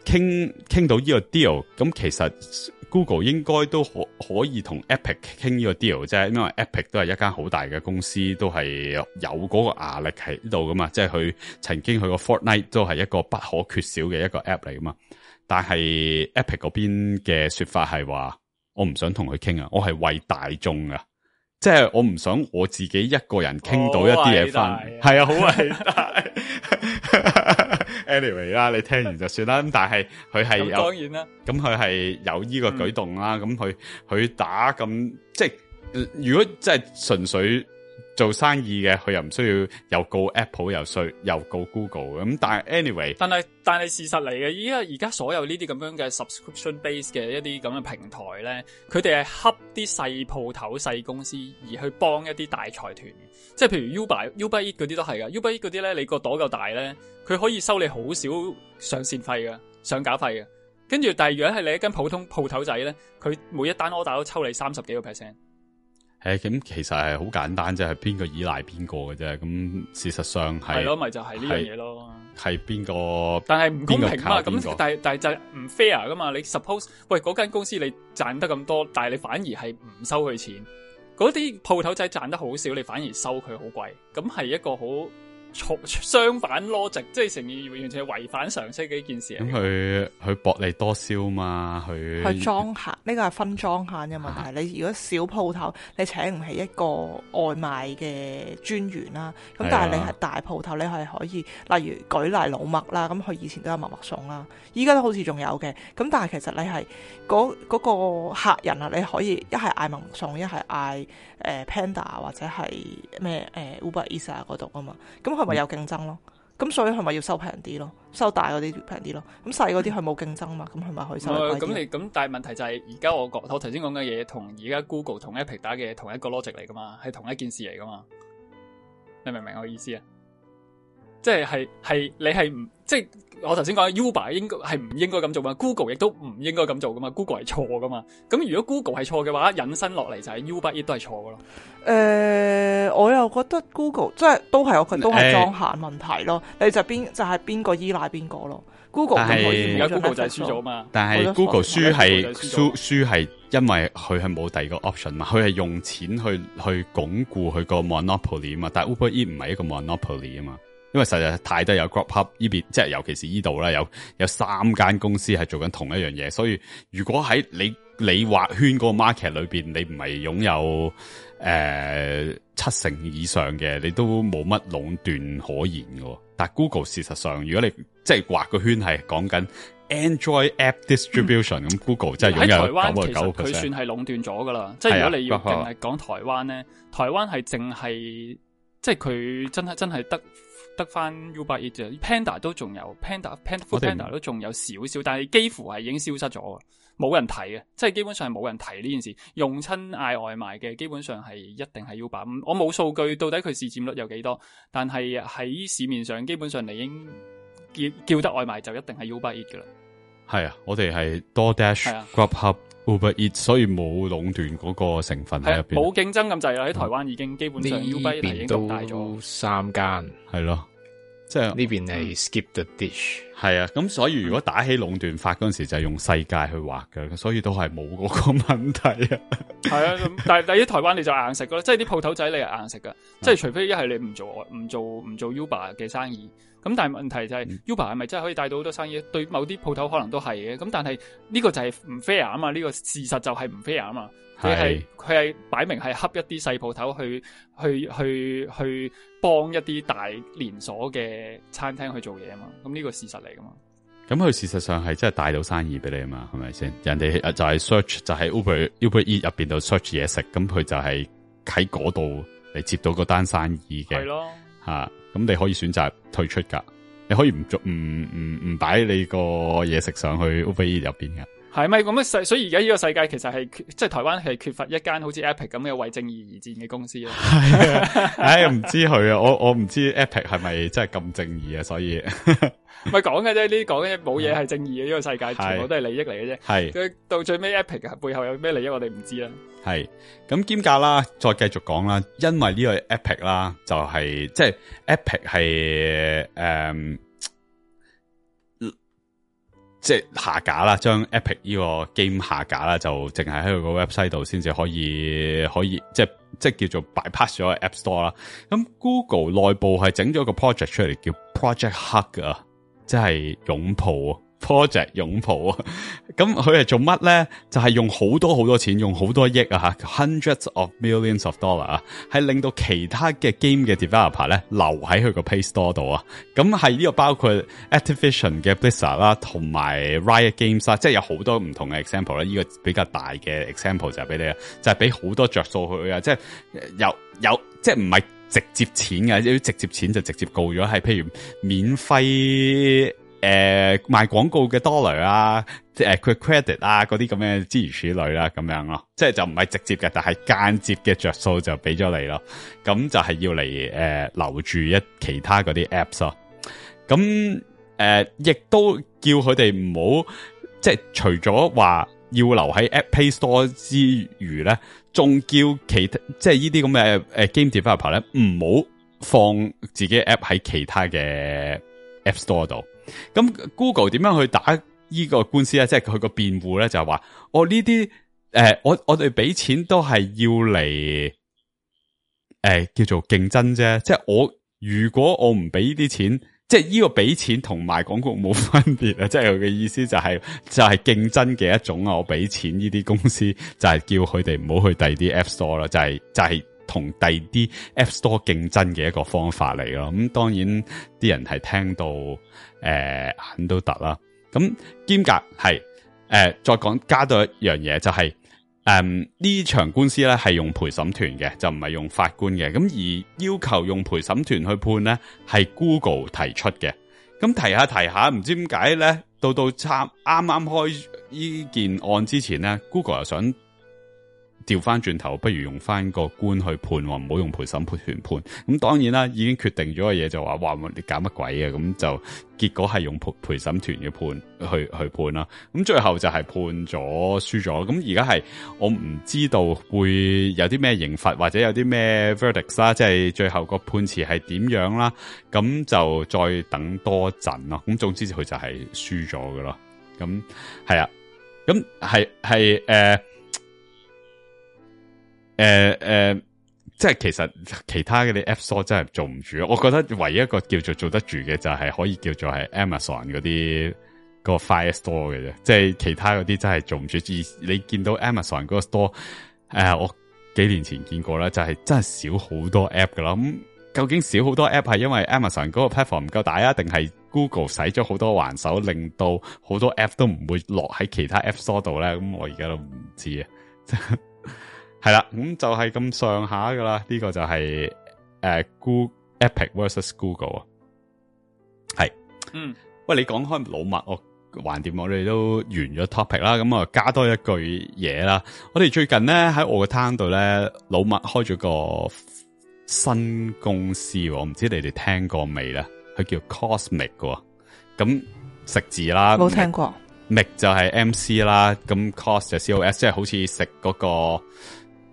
傾傾到呢個 deal，咁其實 Google 應該都可可以同 Epic 傾呢個 deal，即係因為 Epic 都係一間好大嘅公司，都係有嗰個壓力喺度噶嘛，即係佢曾經佢個 Fortnite 都係一個不可缺少嘅一個 app 嚟噶嘛，但係 Epic 嗰邊嘅說法係話，我唔想同佢傾啊，我係為大眾啊。即係我唔想我自己一個人傾到一啲嘢翻嚟，係、哦、啊，好偉、啊、大。 Anyway 啦，你聽完就算啦。但係佢係有，當然啦。咁佢係有呢個舉動啦。咁佢佢打咁，即係如果即係純粹。做生意嘅，佢又唔需要又告 Apple 又衰又告 Google 咁，但係 anyway，但係但係事實嚟嘅，依家而家所有呢啲咁樣嘅 subscription base 嘅一啲咁嘅平台咧，佢哋係恰啲細鋪頭、細公司而去幫一啲大財團，即係譬如 Uber Uber 嗰啲都係噶，Uber 嗰啲咧你個袋夠大咧，佢可以收你好少上線費嘅、上架費嘅，跟住但係如果係你一間普通鋪頭仔咧，佢每一單 order 都抽你三十幾個 percent。誒，咁其實係好簡單，即係邊個依賴邊個嘅啫。咁事實上係係、就係、咯，咪就係呢樣嘢咯。係邊個？但係唔公平啊！咁但係但係就唔 fair 噶嘛？你 suppose 喂嗰間公司你賺得咁多，但係你反而係唔收佢錢。嗰啲鋪頭仔賺得好少，你反而收佢好貴。咁係一個好相反邏輯，即係承認完全係違反常識嘅一件事。咁佢佢薄利多銷嘛，佢裝客呢個係分裝客嘅問題。啊、你如果小鋪頭，你請唔起一個外賣嘅專員啦。咁但係你係大鋪頭，你係可以，例如舉例老麥啦。咁佢以前都有麥麥送啦，依家都好似仲有嘅。咁但係其實你係嗰、嗰個客人啊，你可以一係嗌麥麥送，一係嗌。誒、uh, Panda 或者係咩誒 Uber Eats 嗰度啊嘛，咁佢咪有競爭咯？咁、嗯、所以係咪要收平啲咯？收大嗰啲平啲咯？咁細嗰啲佢冇競爭嘛？咁係咪可以收？唔咁、嗯、你咁，但係問題就係而家我講我頭先講嘅嘢，同而家 Google 同 Epic 打嘅同一個 logic 嚟噶嘛？係同一件事嚟噶嘛？你明唔明我意思啊？即係係係你係唔即係。我頭先講 Uber 應該係唔應該咁做嘛？Google 亦都唔應該咁做噶嘛？Google 係錯噶嘛？咁如果 Google 係錯嘅話，引申落嚟就係 Uber 亦都係錯噶咯。誒、呃，我又覺得 Google 即係都係我覺得都係裝閒問題咯。你就邊就係、是、邊個依賴邊個咯？Google 而家是 Google 就係輸咗啊嘛。但係 Go Google 輸係輸輸係因為佢係冇第二個 option 嘛？佢係用錢去去鞏固佢個 monopoly 嘛？但係 Uber Eat 唔係一個 monopoly 啊嘛？因為實在太多有 group hub 呢邊，即係尤其是呢度啦，有有三間公司係做緊同一樣嘢，所以如果喺你你畫圈嗰個 market 裏邊，你唔係擁有誒、呃、七成以上嘅，你都冇乜壟斷可言嘅。但 Google 事實上，如果你即係畫個圈係講緊 Android app distribution 咁，嗯，Google 真係擁有99 percent。喺台灣其實佢算係壟斷咗噶啦，即係如果你要淨係講台灣咧，是啊、台灣係淨係即係佢真係真係得。得翻 Uber Eat 啫，Panda 都仲有，Panda、Panda 都仲有少少，Panda, Panda, Panda 但係幾乎係已經消失咗，冇人提嘅，即係基本上係冇人提呢件事。用親嗌外賣嘅，基本上係一定係 Uber。我冇數據，到底佢市占率有幾多？但係喺市面上，基本上你已經叫叫得外賣就一定係 Uber Eat 噶啦。係啊，我哋係 DoorDash、啊、GrubHub Uber Eats, 所以冇壟斷嗰個成分喺入邊，冇競、啊、爭咁滯啦。喺台灣已經、哦、基本上 Uber 嚟已經大咗三間，係咯、啊，即係呢邊係 skip the dish。係啊，咁所以如果打起壟斷法嗰陣時，就係用世界去畫噶，所以都係冇嗰個問題啊。係啊，咁但係喺台灣你就硬食噶啦，即係啲鋪頭仔你係硬食噶，即係除非一係你唔做，唔做，唔做 Uber 嘅生意。咁但係問題就係 Uber 係咪真係可以帶到好多生意對、嗯、對某啲鋪頭可能都係嘅，咁但係呢個就係唔 fair 啊嘛！呢、這個事實就係唔 fair 啊嘛！佢係佢係擺明係恰一啲細鋪頭去去去去，去幫一啲大連鎖嘅餐廳去做嘢啊嘛！咁、這、呢個事實嚟噶嘛？咁佢事實上係真係帶到生意俾你啊嘛？係咪先？人哋就係 se search 就喺 Uber Uber E 入邊度 search 嘢食，咁佢就係喺嗰度嚟接到個單生意嘅。係咯的，啊咁你可以選擇退出噶，你可以唔做唔唔唔擺你個嘢食上去 Uber Eats 入邊嘅。係咪咁先？所以而家呢個世界其實係即係台灣係缺乏一間好似 Epic 咁嘅為正義而戰嘅公司咯。唉的，唔、 哎、知佢啊， 我我唔知 Epic 係咪真係咁正義啊，所以咪講嘅啫，呢講嘅冇嘢係正義嘅呢、這個世界，是全部都係利益嚟嘅啫。係是到最尾 Epic 背後有咩利益我，我哋唔知啊。係咁兼價啦，再繼續講啦。因為呢個 Epic 啦，就係即係 Epic 係誒，即係、e 呃、下架啦，將 Epic 呢個 game 下架啦，就淨係喺個 website 度先至可以可以，即係即係叫做 bypass 咗 App Store 啦。咁 Google 內部係整咗個 project 出嚟，叫 Project Hug 啊，即係擁抱。project 擁抱啊，咁佢係做乜咧？就係、是、用好多好多錢，用好多億啊嚇，hundreds of millions of dollar 啊，係令到其他嘅 game 嘅 developer 咧留喺佢個 Play Store 度啊。咁係呢個包括 Activision 嘅 Blizzard 啦、啊，同埋 Riot Games 啦、啊，即、就、係、是、有好多唔同嘅 example 啦。呢、這個比較大嘅 example 就係俾你，啊、就是，就係俾好多着數佢啊。即係有有，即係唔係直接錢嘅，直接錢就直接告咗。係譬如免費。誒、呃，賣廣告嘅多類啦，誒，佢 credit 啊，嗰啲咁嘅諸如此類啦、啊，咁樣咯，即係就唔係直接嘅，但係間接嘅着數就俾咗你咯。咁就係要嚟誒、呃、留住一其他嗰啲 apps 咯、啊。咁誒，亦、呃、都叫佢哋唔好，即係除咗話要留喺 App Play Store 之餘咧，仲叫其他，即係呢啲咁嘅誒 game developer 咧，唔好放自己 app 喺其他嘅 App Store 度。咁 Google 點樣去打呢個官司咧？即係佢個辯護咧，就係話我呢啲誒，我我哋俾錢都係要嚟誒叫做競爭啫。即係我如果我唔俾呢啲錢，即係呢個俾錢同賣廣告冇分別啊。即係佢嘅意思就係就係競爭嘅一種啊。我俾錢呢啲公司就係叫佢哋唔好去第二啲 App Store 啦，就係就係。同第啲 App Store 競爭嘅一個方法嚟咯。咁當然啲人係聽到誒肯都得啦。咁、呃、兼夾係誒再講加多一樣嘢，就係誒呢場官司咧係用陪審團嘅，就唔係用法官嘅。咁而要求用陪審團去判咧，係 Google 提出嘅。咁提下提下，唔知點解咧，到到差啱啱開呢件案之前咧，Google 又想調翻轉頭，不如用翻個官去判，唔好用陪審團判。咁當然啦，已經決定咗嘅嘢就話，哇！你搞乜鬼啊？咁就結果係用陪審團嘅判去去判啦。咁最後就係判咗，輸咗。咁而家係我唔知道會有啲咩刑罰，或者有啲咩 verdict 啦，即係最後個判詞係點樣啦。咁就再等多陣咯。咁總之佢就係輸咗噶咯。咁係啊，咁係係誒。誒誒、呃呃，即係其實其他嗰啲 App Store 真係做唔住，我覺得唯一一個叫做做得住嘅就係可以叫做係 Amazon 嗰啲，嗰個 Fire Store 嘅啫，即係其他嗰啲真係做唔住。而你見到 Amazon 嗰個 store，誒、呃，我幾年前見過啦，就係、是、真係少好多 App 噶啦。咁、嗯、究竟少好多 App 係因為 Amazon 嗰個 platform 唔夠大啊，定係 Google 使咗好多還手，令到好多 App 都唔會落喺其他 App Store 度咧？咁、嗯、我而家都唔知啊。 係啦，咁就係咁上下噶啦，呢個就係，誒，uh，Google Epic versus Google 啊，係，嗯，喂，你講開老麥，我橫掂我哋都完咗 topic 啦，咁啊加多一句嘢啦，我哋最近咧喺我個攤度咧，老麥開咗個新公司，我唔知你哋聽過未咧？佢叫 Cosmic 喎，咁食字啦，冇聽過，mic 就係 M C 啦，咁 Cos 就 C O S，即係好似食嗰個。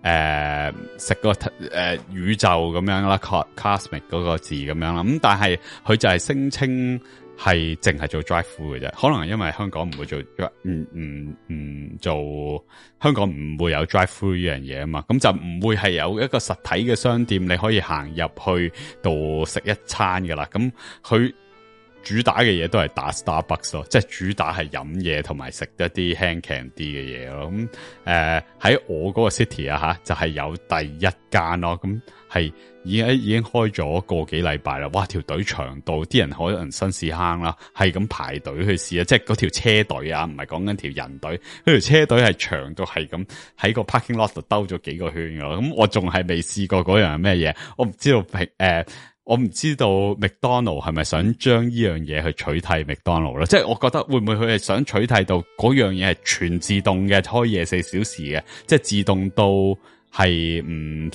誒、呃，食個誒、呃、宇宙咁樣啦，cosmic 嗰個字咁樣啦，咁但係佢就係聲稱係淨係做 drive thru 嘅啫，可能因為香港唔會做，唔唔唔做，香港唔會有 drive thru 呢樣嘢啊嘛，咁就唔會係有一個實體嘅商店你可以行入去度食一餐噶啦，咁佢。主打嘅嘢都係打 Starbucks 咯，即係主打係飲嘢同埋食一啲輕強啲嘅嘢咯。咁誒喺我嗰個 city 啊吓，就係有第一間咯。咁係已經已經開咗個幾禮拜啦。哇，條隊長到，啲人可能新士坑啦，係咁排隊去試啊。即係嗰條車隊啊，唔係講緊條人隊，嗰條車隊係長到係咁喺個 parking lot 度兜咗幾個圈噶。咁我仲係未試過嗰樣咩嘢，我唔知道誒。呃我唔知道麥當勞係咪想將呢樣嘢去取 n 麥當勞咧？即、就、係、是、我覺得會唔會佢係想取締到嗰樣嘢，係全自動嘅，開夜四小時嘅，即、就、係、是、自動到係唔、嗯、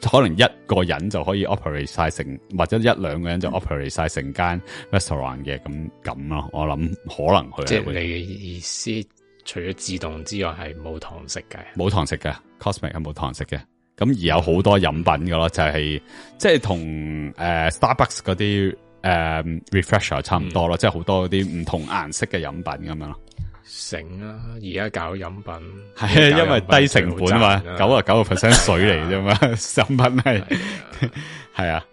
可能一個人就可以 operate 晒成，或者一兩個人就 operate 晒成間 restaurant 嘅咁咁咯。我諗可能佢即係你嘅意思，除咗自動之外，係冇糖食嘅，冇糖食嘅 c o s m i c 係冇糖食嘅。咁而有好多飲品噶咯，就係、是、即係、就、同、是、誒、呃、Starbucks 嗰啲誒、呃、refresher 差唔多咯，即係好多嗰啲唔同顏色嘅飲品咁樣咯。醒啦而家搞飲品係、啊、因為低成本啊嘛，九啊九個 percent 水嚟啫嘛，飲、 啊、品係係啊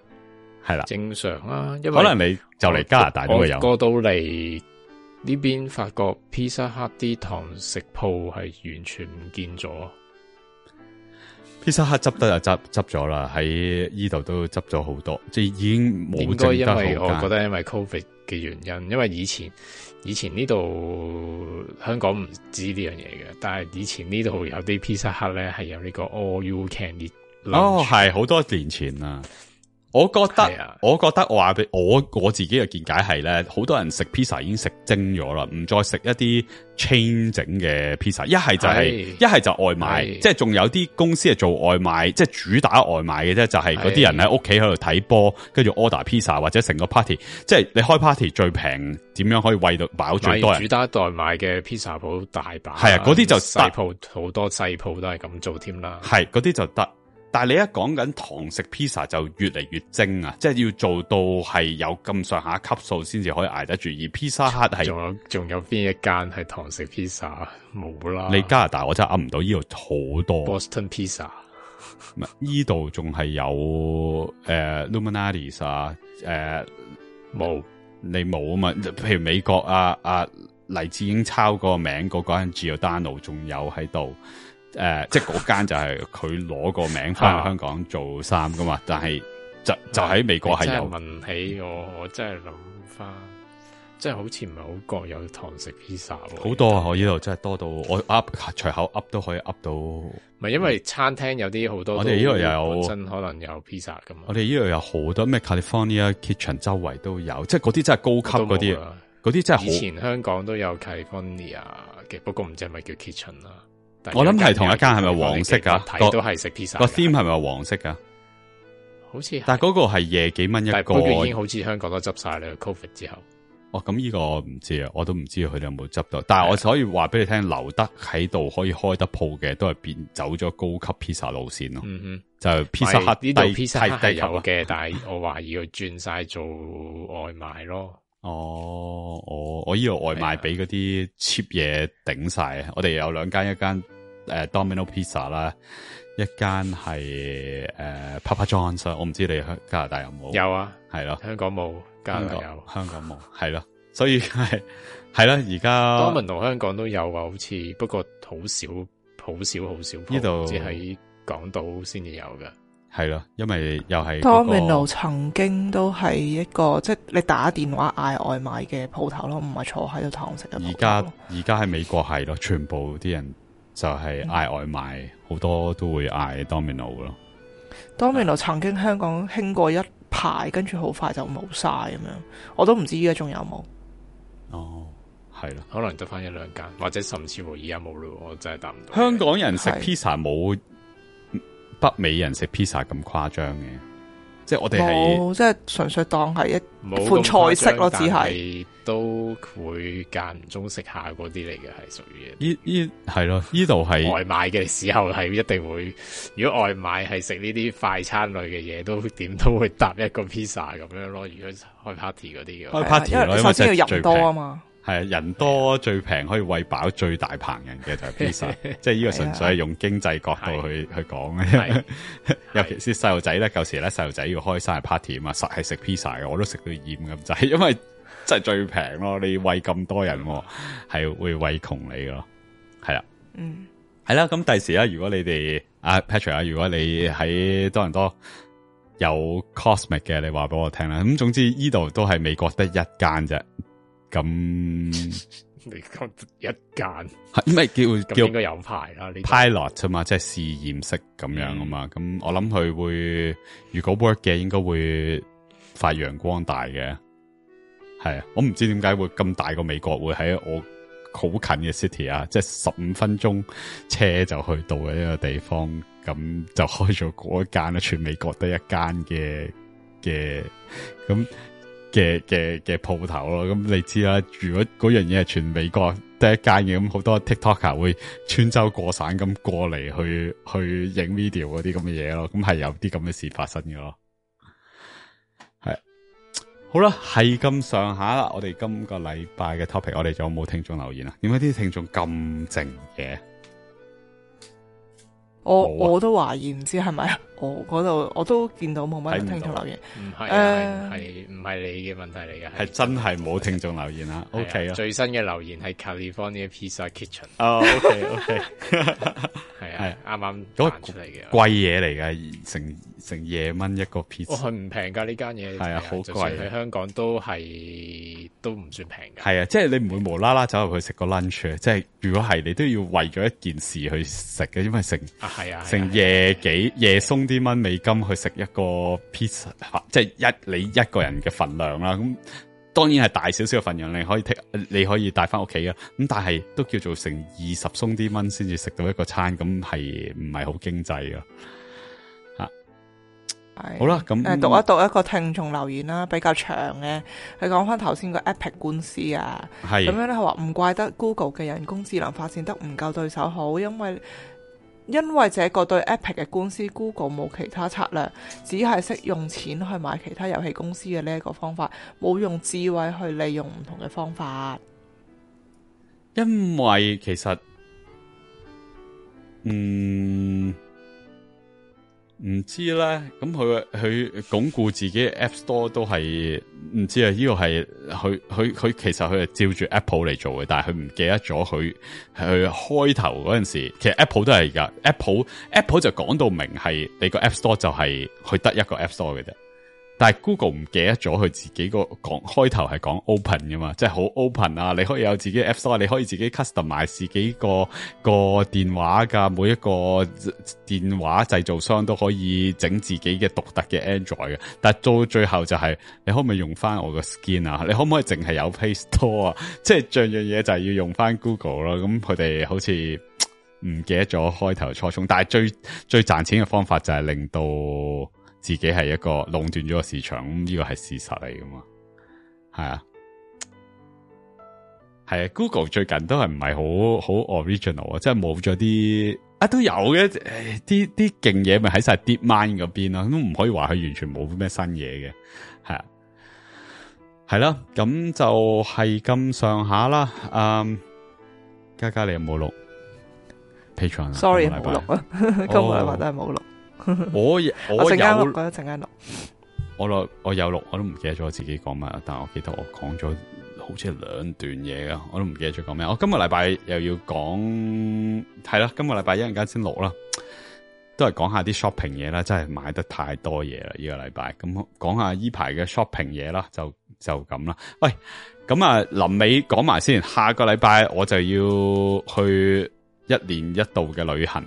係啦，正常啊，因為可能你就嚟加拿大都有過到嚟呢邊，發覺 Pizza Hut 啲堂食舖係完全唔見咗。披薩 Hut 執得就執執咗啦，喺呢度都執咗好多，即係已經冇整，應該因為我覺得因為 Covid 嘅原因，因為以前以前呢度香港唔知呢樣嘢，嘅，但係以前呢度有啲披薩 Hut 咧，係有呢個 All You Can Eat。哦，係好多年前啊我覺得，啊、我覺得我話俾我我自己嘅見解係咧，好多人食 pizza 已經食精咗啦，唔再食一啲 chain 整嘅 pizza，一係就係一係就外賣，即係仲有啲公司係做外賣，即、就、係、是、主打外賣嘅啫，就係嗰啲人喺屋企喺度睇波，跟住 order pizza 或者成個 party，即係你開 party 最平，點樣可以餵到飽最多人？主打代買嘅 pizza 鋪大把，係啊，嗰啲就細鋪，好多細鋪都係咁做添啦，係嗰啲就得。但係你一講緊堂食 pizza 就越嚟越精啊！即係要做到係有咁上下級數先至可以捱得住。而 Pizza Hut 係仲有邊一間係堂食 pizza？冇啦！你加拿大我真係噏唔到依度好多。Boston Pizza 依度仲係有誒、呃、Luminari、啊呃、s 啊誒冇你冇啊嘛？嗯、譬如美國啊啊黎智英抄個名嗰、嗰個 Giordano 仲有喺度。誒、呃，即係嗰間就係佢攞個名翻香港做衫噶嘛，啊、但係就就喺美國係有。嗯、問起我，我真係諗翻，即係好似唔係好覺有堂食披薩喎、啊。好多啊！我呢度真係多到我 up 隨口 up 都可以 up 到。唔係因為餐廳有啲好多，我哋呢度又有真可能有披薩嘛。我哋呢度有好多咩 California kitchen 周圍都有，即係嗰啲真係高級嗰啲，嗰啲真係。以前香港都有 California 嘅，不過唔知係咪叫 kitchen 啦、啊。我諗係同一間係咪黃色噶？都係食 pizza，個 team 係咪黃色噶？好似但係嗰個係夜幾蚊一個。都已經好似香港都執晒啦，covid 之後。哦，咁呢個我唔知啊，我都唔知佢哋有冇執到。但係我所以話俾你聽，留得喺度可以開得鋪嘅，都係變走咗高級 pizza 路線咯。嗯嗯就 Pizza Hut，呢度 Pizza Hut 係有嘅，但係我懷疑佢轉晒做外賣咯。哦，我我依度外賣俾嗰啲 cheap 嘢頂晒，的我哋有兩間，一間誒、呃、Domino Pizza 啦，一間係誒 Papa John's，我唔知你香加拿大有冇？有啊，係咯的，香港冇，加拿大有，香港冇，係咯，所以係係啦，而家 Domino 香港都有啊，好似不過好少，好少，好少，呢度只喺港島先至有噶。係咯，因為又係、那個。Domino 曾經都係一個即係你打電話嗌外賣嘅鋪頭咯，唔係坐喺度堂食嘅。而家而家喺美國係咯，全部啲人就係嗌外賣，好、嗯、多都會嗌 Domino 咯。Domino 曾經香港興過一排，跟住好快就冇晒咁樣，我都唔知依家仲有冇。哦、oh，係咯，可能得翻一兩間，或者甚至乎依家冇咯，我真係答唔到。香港人食 pizza 冇是北美人食披薩咁誇張嘅，即係我哋係，即係純粹當係一款菜式咯，只係是都會間唔中食下嗰啲嚟嘅，係屬於依呢係咯，依度係外賣嘅時候係一定會，如果外賣係食呢啲快餐類嘅嘢，都點都會搭一個披薩咁樣咯。如果開 party 嗰啲嘅，開 party 因為，首先要人多啊嘛。係啊，人多最平可以餵飽最大棚人嘅 就係 pizza， 即係呢個純粹係用經濟角度去、 啊、去講嘅。是 尤其是細路仔咧，舊時咧細路仔要開生日 party 啊嘛，實係食 pizza 嘅，我都食到厭咁，就 係因為即係最平咯，你餵咁多人，啊，係 會餵窮你咯。係啦，啊、嗯，係啦，啊，咁第時咧，如果你哋啊 Patrick 啊，如果你喺多倫多有 cosmic 嘅，你話俾我聽啦。咁總之呢度都係美國得一間啫。咁你講一間家，係因為叫 應叫應該有排啦，pilot 啊嘛， 即係試驗式咁樣啊嘛。咁、嗯嗯、我諗佢會，如果 work 嘅，應該會發揚光大嘅。係啊，我唔知點解會咁大個美國會喺我好近嘅 city 啊,即係十五分鐘車就去到嘅一個地方，咁就開咗嗰一間咧，全美國得一間嘅嘅咁。嘅嘅嘅鋪頭咯，咁你知啦。如果嗰樣嘢係全美國第一間嘅，咁好多 TikToker 會穿州過省咁過嚟去去影 video 嗰啲咁嘅嘢咯。咁係有啲咁嘅事發生嘅咯。係，好啦，係咁上下啦。我哋今個禮拜嘅 topic，我哋仲有冇聽眾留言啊？點解啲聽眾咁靜嘅？我、啊、我都懷疑唔知係咪，我嗰度我都見到冇乜聽眾留言，誒係唔係你嘅問題嚟嘅？係真係冇聽眾留言啊！O K 啊，最新嘅留言係 California Pizza Kitchen。哦，O K O K，係。係啱啱彈出嚟嘅貴嘢嚟嘅，成成夜蚊一個 pizza。我係唔平噶呢間嘢，係啊好貴，喺香港都係都唔算平嘅。係啊，即係你唔會無啦啦走入去食個 lunch，、嗯、即係如果係你都要為咗一件事去食嘅，因為成啊係啊成夜幾、啊啊、夜鬆啲蚊美金去食一個 pizza，、啊啊啊啊、即係一你一個人嘅份量啦咁。當然係大少少嘅份量，你可以剔，你可以帶翻屋企啊！咁但係都叫做成二十鬆啲蚊先至食到一個餐，咁係唔係好經濟噶吓？係、啊、是好啦，咁誒讀一讀一個聽眾留言啦，比較長嘅，佢講翻頭先個 Epic 官司啊，係咁樣咧，佢話唔怪得 Google 嘅人工智能發展得唔夠對手好，因為。因為這個對 Epic 嘅官司 Google 冇其他策略，只係識用錢去買其他遊戲公司嘅呢一個方法，冇用智慧去利用唔同嘅方法。因為其實，嗯。唔知咧，咁佢佢鞏固自己 App Store 都係唔知啊！呢個係佢佢佢其實佢係照住 Apple 嚟做嘅，但係佢唔記得咗佢佢開頭嗰陣時，其實 Apple 都係噶 Apple Apple 就講到明係你個 App Store 就係佢得一個 App Store 嘅啫。但係 Google 唔記得咗佢自己個講開頭係講 open 噶嘛，即係好 open 啊！你可以有自己 app store，你可以自己 custom 埋自己個個電話噶，每一個電話製造商都可以整自己嘅獨特嘅 Android 嘅。但係到最後就係、是、你可唔可以用翻我個 skin 啊？你可唔可以淨係有 Play Store 啊？即係樣樣嘢就係要用翻 Google 咯。咁佢哋好似唔記得咗開頭初衷，但係最最賺錢嘅方法就係令到。自己係一個壟斷咗個市場，咁呢個係事實嚟噶嘛？係啊，係啊，Google 最近都係唔係好好 original 啊，即係冇咗啲啊都有嘅，誒，啲啲勁嘢咪喺晒 Deep Mind 嗰邊咯，都唔可以話佢完全冇咩新嘢嘅，係啊，係啦、啊，咁就係咁上下啦，嗯，嘉嘉你有冇錄？Patreon，Sorry，冇錄啊，今日今日都係冇錄。哦 我我有，我，我，我,我有，我覺得陣間錄，我錄我有錄，我都唔記得咗我自己講乜，但我記得我講咗好似兩段嘢㗎，我都唔記得咗講咩。我今個禮拜又要講，係啦、啊，今個禮拜一陣間先錄啦，都係講下啲 shopping 嘢啦，真係買得太多嘢啦。呢、這個禮拜咁講下依排嘅 shopping 嘢啦，就就咁啦。喂、哎，咁啊，臨尾講埋先，下個禮拜我就要去一年一度嘅旅行，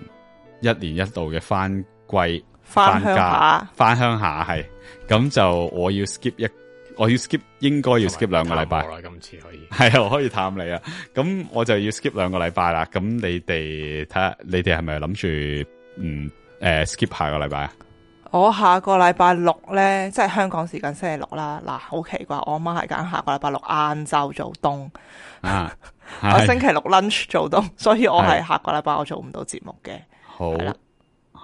一年一度嘅翻。貴返鄉下，返鄉下係咁就我要 skip 一，我要 skip 應該要 skip 兩個禮拜。今次可以係啊， 我可以探你啊。咁我就要 skip 兩個禮拜啦。咁你哋睇下，你哋係咪諗住嗯誒、呃、skip 下個禮拜啊？我下個禮拜六咧，即係香港時間星期六啦。嗱，好奇怪，我媽係揀下個禮拜六晏晝做冬啊。 我星期六 lunch 做冬，的所以我係下個禮拜我做唔到節目嘅。好。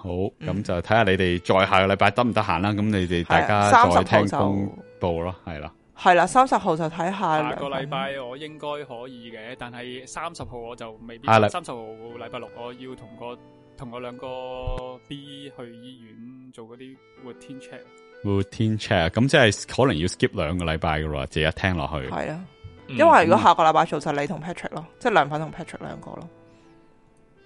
好，咁、嗯、就睇下你哋再下個禮拜得唔得閒啦。咁你哋大家再聽公布咯，係啦、啊，係啦，三十號就睇下。下個禮拜我應該可以嘅，但係三十號我就未必。係啦了，三十號禮拜六我要同個同個兩個 B 去醫院做嗰啲 routine check。routine check 咁即係可能要 skip 兩個禮拜噶啦，自接聽落去。係啦、啊，因為如果下個禮拜做就你同 Patrick 咯，即係、嗯、梁粉同 Patrick 兩個咯。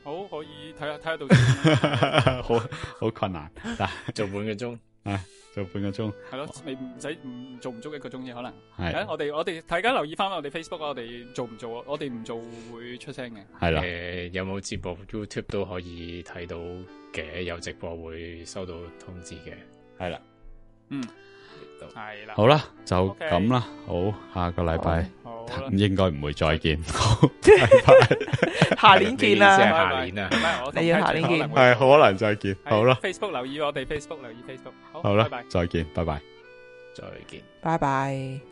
好可以睇下睇下到， 對好好困難嗱， 做半個鐘 啊，做半個鐘係咯，你唔使唔做唔足一個鐘嘅可能係的，我哋我哋大家留意翻我哋 Facebook，我哋做唔做我我哋唔做會出聲嘅，係啦了，誒、欸、有冇直播 YouTube 都可以睇到嘅，有直播會收到通知嘅，係啦，嗯。係啦，好啦，就咁啦，好，下個禮拜應該唔會再見，好，下年見啦，下年啊，你要下年見，係可能再見，好啦，Facebook 留意我哋 Facebook 留意 Facebook，好啦，再見，拜拜，再見，拜拜。